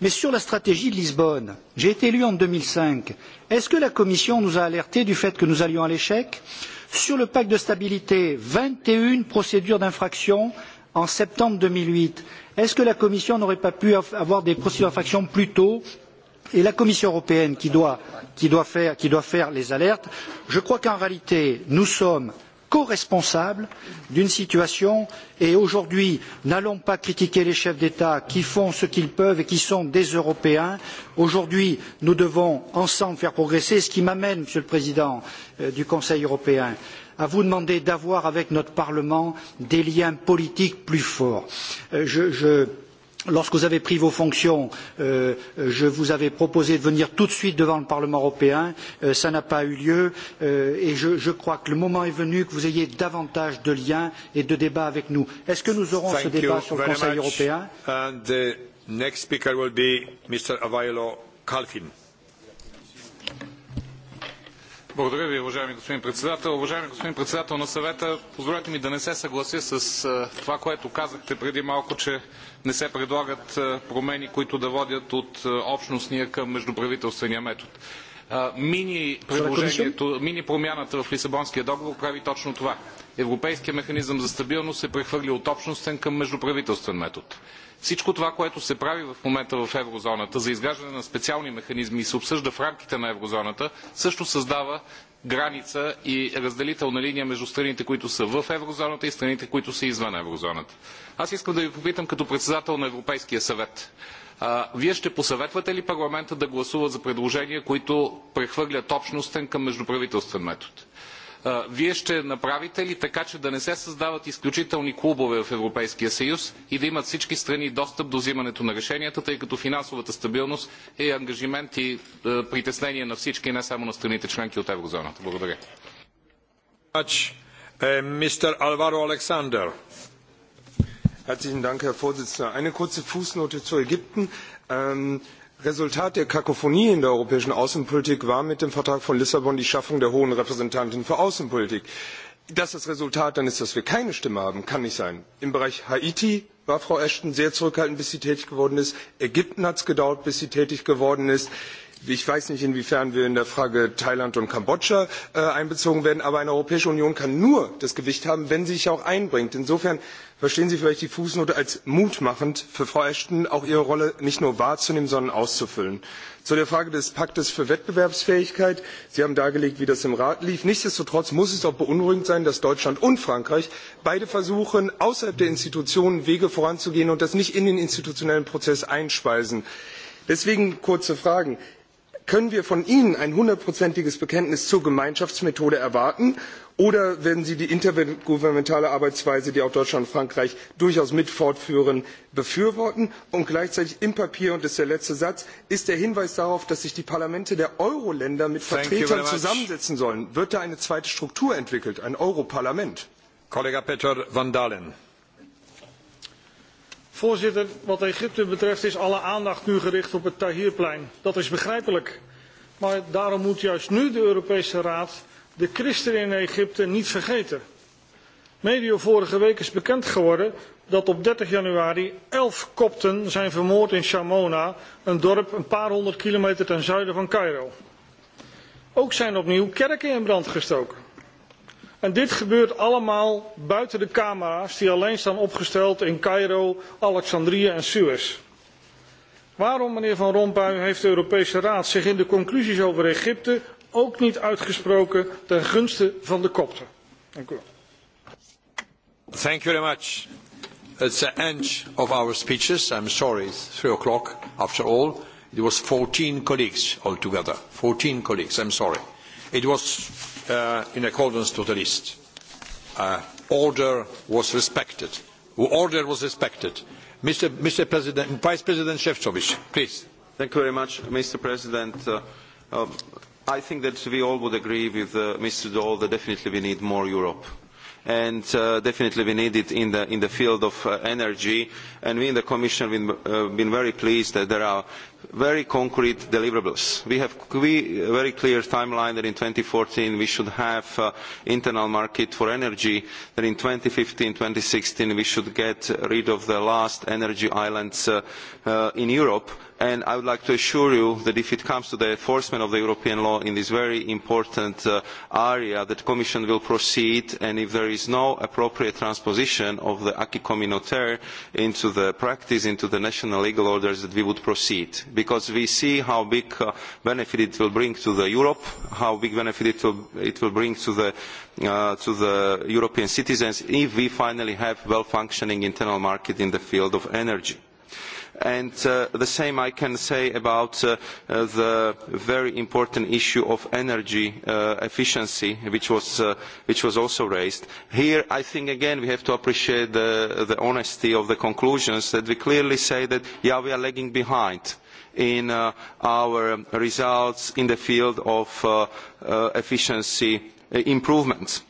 Mais sur la stratégie de Lisbonne, j'ai été élu en deux mille cinq. Est-ce que la Commission nous a alertés du fait que nous allions à l'échec Sur le pacte de stabilité, vingt et une procédures d'infraction en septembre deux mille huit. Est-ce que la Commission n'aurait pas pu avoir des procédures d'infraction plus tôt et la Commission européenne qui doit, qui doit, faire, qui doit faire les alertes Je crois qu'en réalité, nous sommes coresponsables d'une situation et aujourd'hui n'allons pas critiquer les chefs d'État qui font ce qu'ils peuvent et qui sont des Européens. Aujourd'hui, nous devons ensemble faire progresser, ce qui m'amène, Monsieur le Président euh, du Conseil européen, à vous demander d'avoir avec notre Parlement des liens politiques plus forts. Euh, je, je Lorsque vous avez pris vos fonctions, euh, euh, je vous avais proposé de venir tout de suite devant le Parlement européen. Euh, ça n'a pas eu lieu euh, et je, je crois que le moment est venu que vous ayez davantage de liens et de débats avec nous. Est-ce que nous aurons Thank ce débat sur le Conseil much. européen And the next speaker will be Mr. Kalfin. Благодаря ви, уважаеми господин председател. Уважаеми господин председател на съвета, позволете ми да не се съглася с това, което казахте преди малко, че не се предлагат промени, които да водят от общностния към междуправителствения метод. Мини, предложението, мини промяната в Лисабонския договор прави точно това. Европейския механизъм за стабилност се прехвърли от общностен към междуправителствен метод. Всичко това, което се прави в момента в еврозоната за изграждане на специални механизми и се обсъжда в рамките на еврозоната, също създава граница и разделителна линия между страните, които са в еврозоната и страните, които са извън еврозоната. Аз искам да ви попитам като председател на Европейския съвет. А, вие ще посъветвате ли парламента да гласува за предложения, които прехвърлят общностен към междуправителствен метод? вие ще направите ли така, че да не се създават изключителни клубове в Европейския съюз и да имат всички страни достъп до взимането на решенията, тъй като финансовата стабилност е ангажимент и притеснение на всички, не само на страните членки от еврозоната. Благодаря. Herzlichen Dank, Herr Vorsitzender. Eine kurze Fußnote zu Ägypten. Ähm, Resultat der Kakophonie in der europäischen Außenpolitik war mit dem Vertrag von Lissabon die Schaffung der hohen Repräsentantin für Außenpolitik. Dass das Resultat dann ist, dass wir keine Stimme haben, kann nicht sein. Im Bereich Haiti war Frau Ashton sehr zurückhaltend, bis sie tätig geworden ist. Ägypten hat es gedauert, bis sie tätig geworden ist. Ich weiß nicht, inwiefern wir in der Frage Thailand und Kambodscha äh, einbezogen werden, aber eine Europäische Union kann nur das Gewicht haben, wenn sie sich auch einbringt. Insofern verstehen Sie vielleicht die Fußnote als mutmachend für Frau Ashton, auch ihre Rolle nicht nur wahrzunehmen, sondern auszufüllen. Zu der Frage des Paktes für Wettbewerbsfähigkeit. Sie haben dargelegt, wie das im Rat lief. Nichtsdestotrotz muss es auch beunruhigend sein, dass Deutschland und Frankreich beide versuchen, außerhalb der Institutionen Wege voranzugehen und das nicht in den institutionellen Prozess einspeisen. Deswegen kurze Fragen können wir von Ihnen ein hundertprozentiges Bekenntnis zur Gemeinschaftsmethode erwarten? Oder werden Sie die intergouvernementale Arbeitsweise, die auch Deutschland und Frankreich durchaus mit fortführen, befürworten? Und gleichzeitig im Papier, und das ist der letzte Satz, ist der Hinweis darauf, dass sich die Parlamente der Euro-Länder mit Vertretern zusammensetzen sollen. Wird da eine zweite Struktur entwickelt, ein Europarlament? Kollege Peter van Dalen. Voorzitter, wat Egypte betreft is alle aandacht nu gericht op het Tahirplein. Dat is begrijpelijk. Maar daarom moet juist nu de Europese Raad de christenen in Egypte niet vergeten. Medio vorige week is bekend geworden dat op 30 januari elf kopten zijn vermoord in Shamona, een dorp een paar honderd kilometer ten zuiden van Cairo. Ook zijn opnieuw kerken in brand gestoken. En dit gebeurt allemaal buiten de camera's die alleen staan opgesteld in Cairo, Alexandrië en Suez. Waarom, meneer Van Rompuy, heeft de Europese Raad zich in de conclusies over Egypte ook niet uitgesproken ten gunste van de kopten? Dank u wel. Thank you very much. It's the end of our speeches. I'm sorry, it's three o'clock after all. It was 14 colleagues altogether. 14 colleagues, I'm sorry. It was uh, in accordance to the list. Uh, order was respected. Order was respected. Mr. Mr. President, Vice President Shevchovich, please. Thank you very much, Mr. President. Uh, um, I think that we all would agree with uh, Mr. Daul that definitely we need more Europe and uh, definitely we need it in the, in the field of uh, energy. And we in the Commission have been, uh, been very pleased that there are very concrete deliverables. We have a very clear timeline that in 2014 we should have uh, internal market for energy, that in 2015, 2016 we should get rid of the last energy islands uh, uh, in Europe, and I would like to assure you that if it comes to the enforcement of the European law in this very important uh, area, the Commission will proceed, and if there is no appropriate transposition of the acquis communautaire into the practice, into the national legal orders, that we would proceed. Because we see how big uh, benefit it will bring to Europe, how big benefit it will, it will bring to the, uh, to the European citizens if we finally have a well-functioning internal market in the field of energy. And uh, the same I can say about uh, the very important issue of energy uh, efficiency, which was, uh, which was, also raised. Here, I think, again, we have to appreciate the, the honesty of the conclusions that we clearly say that, yeah, we are lagging behind in uh, our results in the field of efficiency improvements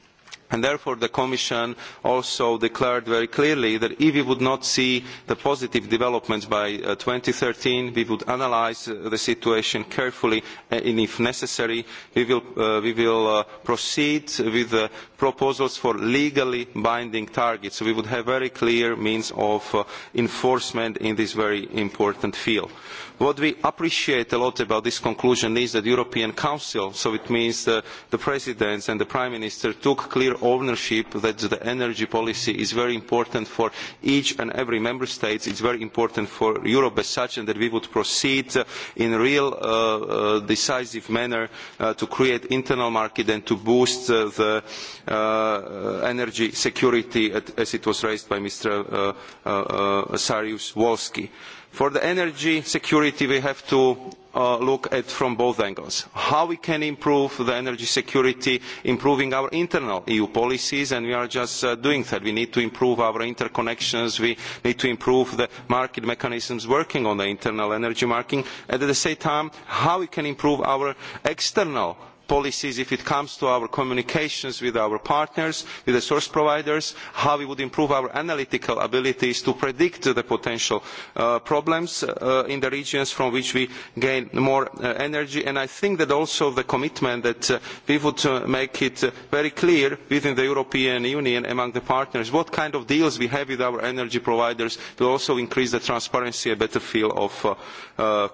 And therefore the Commission also declared very clearly that if we would not see the positive developments by uh, thirteen, we would analyse uh, the situation carefully uh, and if necessary we will, uh, we will uh, proceed with proposals for legally binding targets. So we would have very clear means of uh, enforcement in this very important field. What we appreciate a lot about this conclusion is that the European Council, so it means the, the Presidents and the Prime Minister took clear ownership that the energy policy is very important for each and every member state. It is very important for Europe as such and that we would proceed uh, in a real uh, uh, decisive manner uh, to create internal market and to boost uh, the uh, energy security at, as it was raised by Mr. Sarius Wolski. For the energy security, we have to uh, look at from both angles. How we can improve the energy security, improving our internal EU policies, and we are just uh, doing that. We need to improve our interconnections, we need to improve the market mechanisms working on the internal energy market. And at the same time, how we can improve our external policies if it comes to our communications with our partners, with the source providers, how we would improve our analytical abilities to predict the potential uh, problems uh, in the regions from which we gain more uh, energy. And I think that also the commitment that uh, we would uh, make it uh, very clear within the European Union among the partners what kind of deals we have with our energy providers will also increase the transparency and better feel of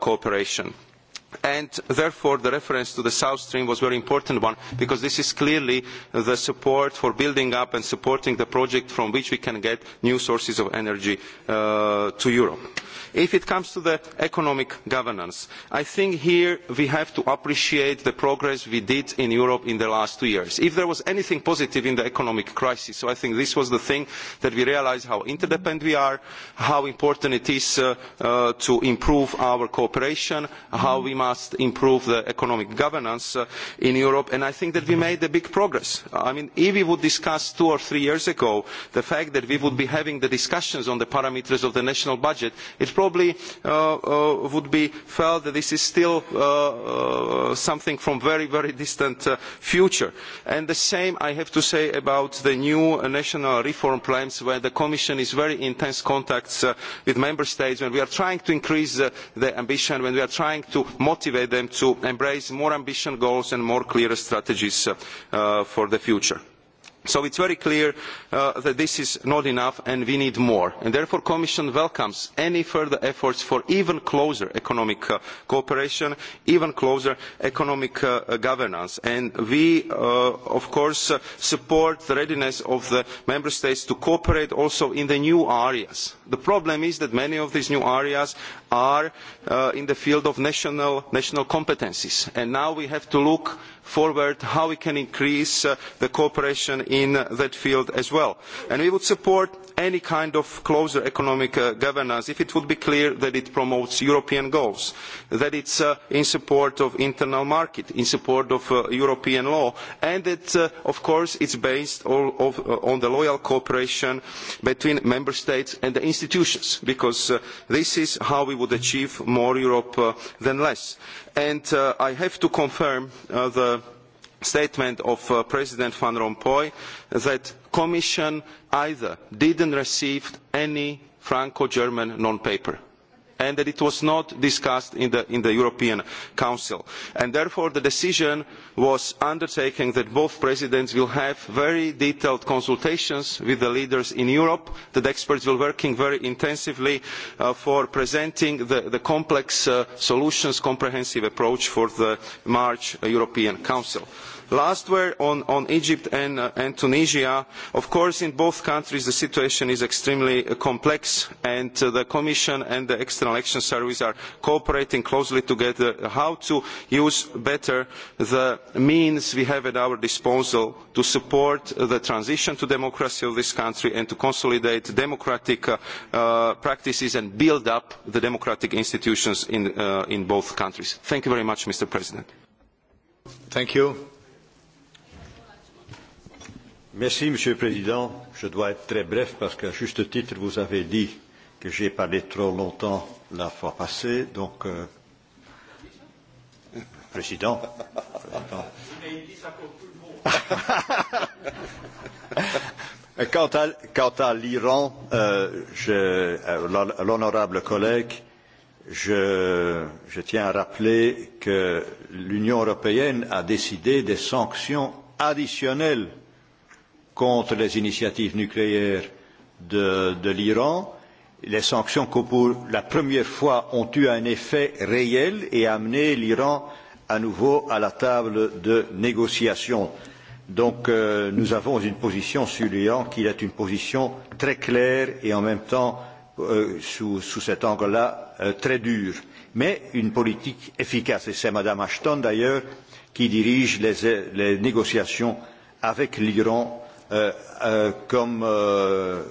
cooperation and therefore the reference to the South Stream was a very important one because this is clearly the support for building up and supporting the project from which we can get new sources of energy uh, to Europe. If it comes to the economic governance, I think here we have to appreciate the progress we did in Europe in the last two years. If there was anything positive in the economic crisis, so I think this was the thing that we realised how interdependent we are, how important it is uh, uh, to improve our cooperation, how we must improve the economic governance uh, in Europe, and I think that we made a big progress. I mean, if we would discuss two or three years ago the fact that we would be having the discussions on the parameters of the national budget, probably probably uh, uh, would be felt that this is still uh, something from very, very distant future. And the same I have to say about the new national reform plans where the Commission is very intense contacts with Member States when we are trying to increase their ambition, when we are trying to motivate them to embrace more ambitious goals and more clearer strategies for the future. So it is very clear uh, that this is not enough and we need more. And therefore the Commission welcomes any further efforts for even closer economic uh, cooperation, even closer economic uh, governance. And we, uh, of course, uh, support the readiness of the Member States to cooperate also in the new areas The problem is that many of these new areas are uh, in the field of national, national competencies. And now we have to look forward how we can increase uh, the cooperation in uh, that field as well. And we would support any kind of closer economic uh, governance if it would be clear that it promotes European goals, that it is uh, in support of the internal market, in support of uh, European law, and that, uh, of course, it is based all, of, uh, on the loyal cooperation between member states and the institutions, because uh, this is how we would achieve more Europe than less. And I have to confirm the statement of uh, President Van Rompuy that the Commission either did not receive any Franco-German non-paper and that it was not discussed in the, in the European Council. And therefore, the decision was undertaken that both presidents will have very detailed consultations with the leaders in Europe, that experts will work working very intensively uh, for presenting the, the complex uh, solutions, comprehensive approach for the March uh, European Council. Last word on, on Egypt and, uh, and, Tunisia. Of course, in both countries, the situation is extremely uh, complex, and uh, the Commission and the External Action Service are cooperating closely together how to use better the means we have at our disposal to support the transition to democracy of this country and to consolidate democratic uh, uh, practices and build up the democratic institutions in, uh, in both countries. Thank you very much, Mr. President. Thank you. Merci, Monsieur le Président. Je dois être très bref parce qu'à juste titre, vous avez dit que j'ai parlé trop longtemps la fois passée. Donc, euh, Président. quant à, quant à l'Iran, euh, euh l'honorable collègue, je, je tiens à rappeler que l'Union européenne a décidé des sanctions additionnelles contre les initiatives nucléaires de, de l'Iran. Les sanctions qui, pour la première fois, ont eu un effet réel et amené l'Iran à nouveau à la table de négociation. Donc euh, nous avons une position sur l'Iran qui est une position très claire et en même temps, euh, sous, sous cet angle-là, euh, très dure, mais une politique efficace. Et c'est Mme Ashton d'ailleurs qui dirige les, les négociations avec l'Iran Euh, euh, comme, euh,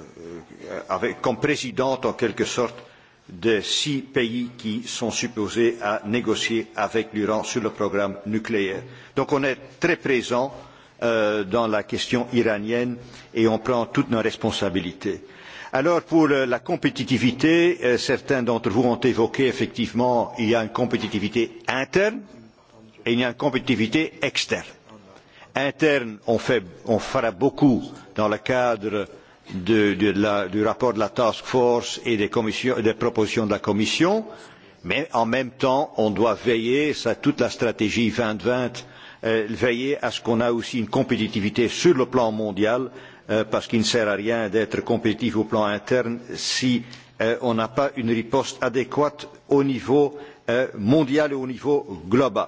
avec, comme présidente en quelque sorte des six pays qui sont supposés à négocier avec l'Iran sur le programme nucléaire. Donc on est très présent euh, dans la question iranienne et on prend toutes nos responsabilités. Alors pour euh, la compétitivité, euh, certains d'entre vous ont évoqué effectivement il y a une compétitivité interne et il y a une compétitivité externe interne, on, fait, on fera beaucoup dans le cadre de, de la, du rapport de la task force et des, des propositions de la Commission, mais en même temps, on doit veiller, ça toute la stratégie 2020, euh, veiller à ce qu'on a aussi une compétitivité sur le plan mondial, euh, parce qu'il ne sert à rien d'être compétitif au plan interne si euh, on n'a pas une riposte adéquate au niveau euh, mondial et au niveau global.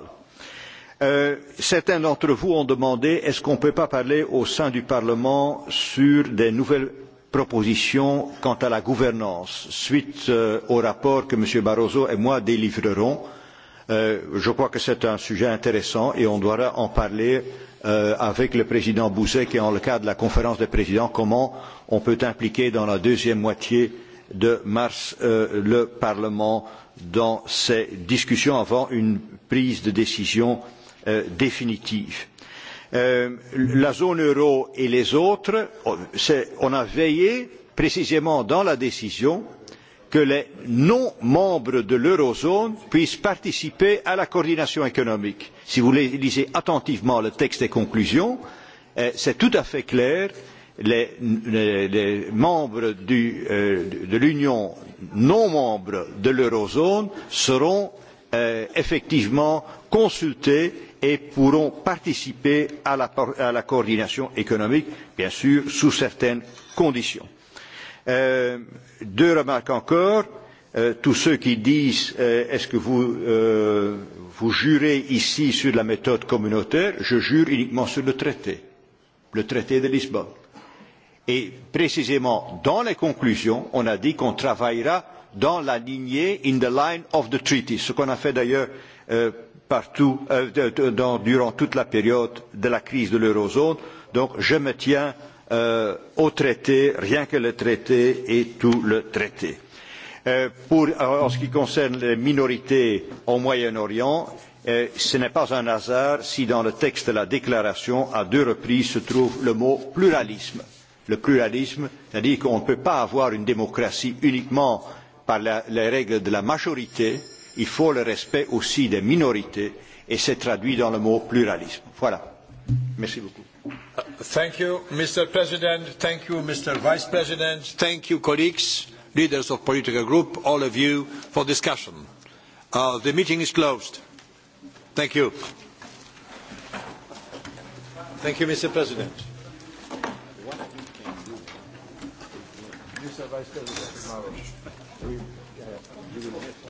Euh, certains d'entre vous ont demandé est-ce qu'on ne peut pas parler au sein du Parlement sur des nouvelles propositions quant à la gouvernance suite euh, au rapport que M. Barroso et moi délivrerons. Euh, je crois que c'est un sujet intéressant et on doit en parler euh, avec le président Bouzek et dans le cadre de la conférence des présidents comment on peut impliquer dans la deuxième moitié de mars euh, le Parlement dans ces discussions avant une prise de décision Eh, définitive. Ehm, la zone euro et les autres, on a veillé précisément dans la décision que les non membres de l'eurozone puissent participer à la coordination économique. Si vous lisez attentivement le texte des conclusions, eh, c'est tout à fait clair les, les, les membres du, euh, de l'Union non membres de l'eurozone seront euh, effectivement consultés et pourront participer à la, à la coordination économique, bien sûr, sous certaines conditions. Euh, deux remarques encore. Euh, tous ceux qui disent euh, est-ce que vous, euh, vous jurez ici sur la méthode communautaire, je jure uniquement sur le traité, le traité de Lisbonne. Et précisément, dans les conclusions, on a dit qu'on travaillera dans la lignée, in the line of the treaty, ce qu'on a fait d'ailleurs euh, partout, euh, dans, durant toute la période de la crise de l'eurozone. Donc je me tiens euh, au traité, rien que le traité et tout le traité. Euh, pour, euh, en ce qui concerne les minorités au Moyen-Orient, euh, ce n'est pas un hasard si dans le texte de la déclaration, à deux reprises, se trouve le mot pluralisme. Le pluralisme, c'est-à-dire qu'on ne peut pas avoir une démocratie uniquement par la, les règles de la majorité, il faut le respect aussi des minorités et se traduit dans le mot pluralisme. Voilà. Merci beaucoup. Uh, thank you, Mr. President. Thank you, Mr. Vice President. Thank you, colleagues, leaders of political group, all of you, for discussion. Uh, the meeting is closed. Thank you. Thank you, Mr. President. Mr. Vice President,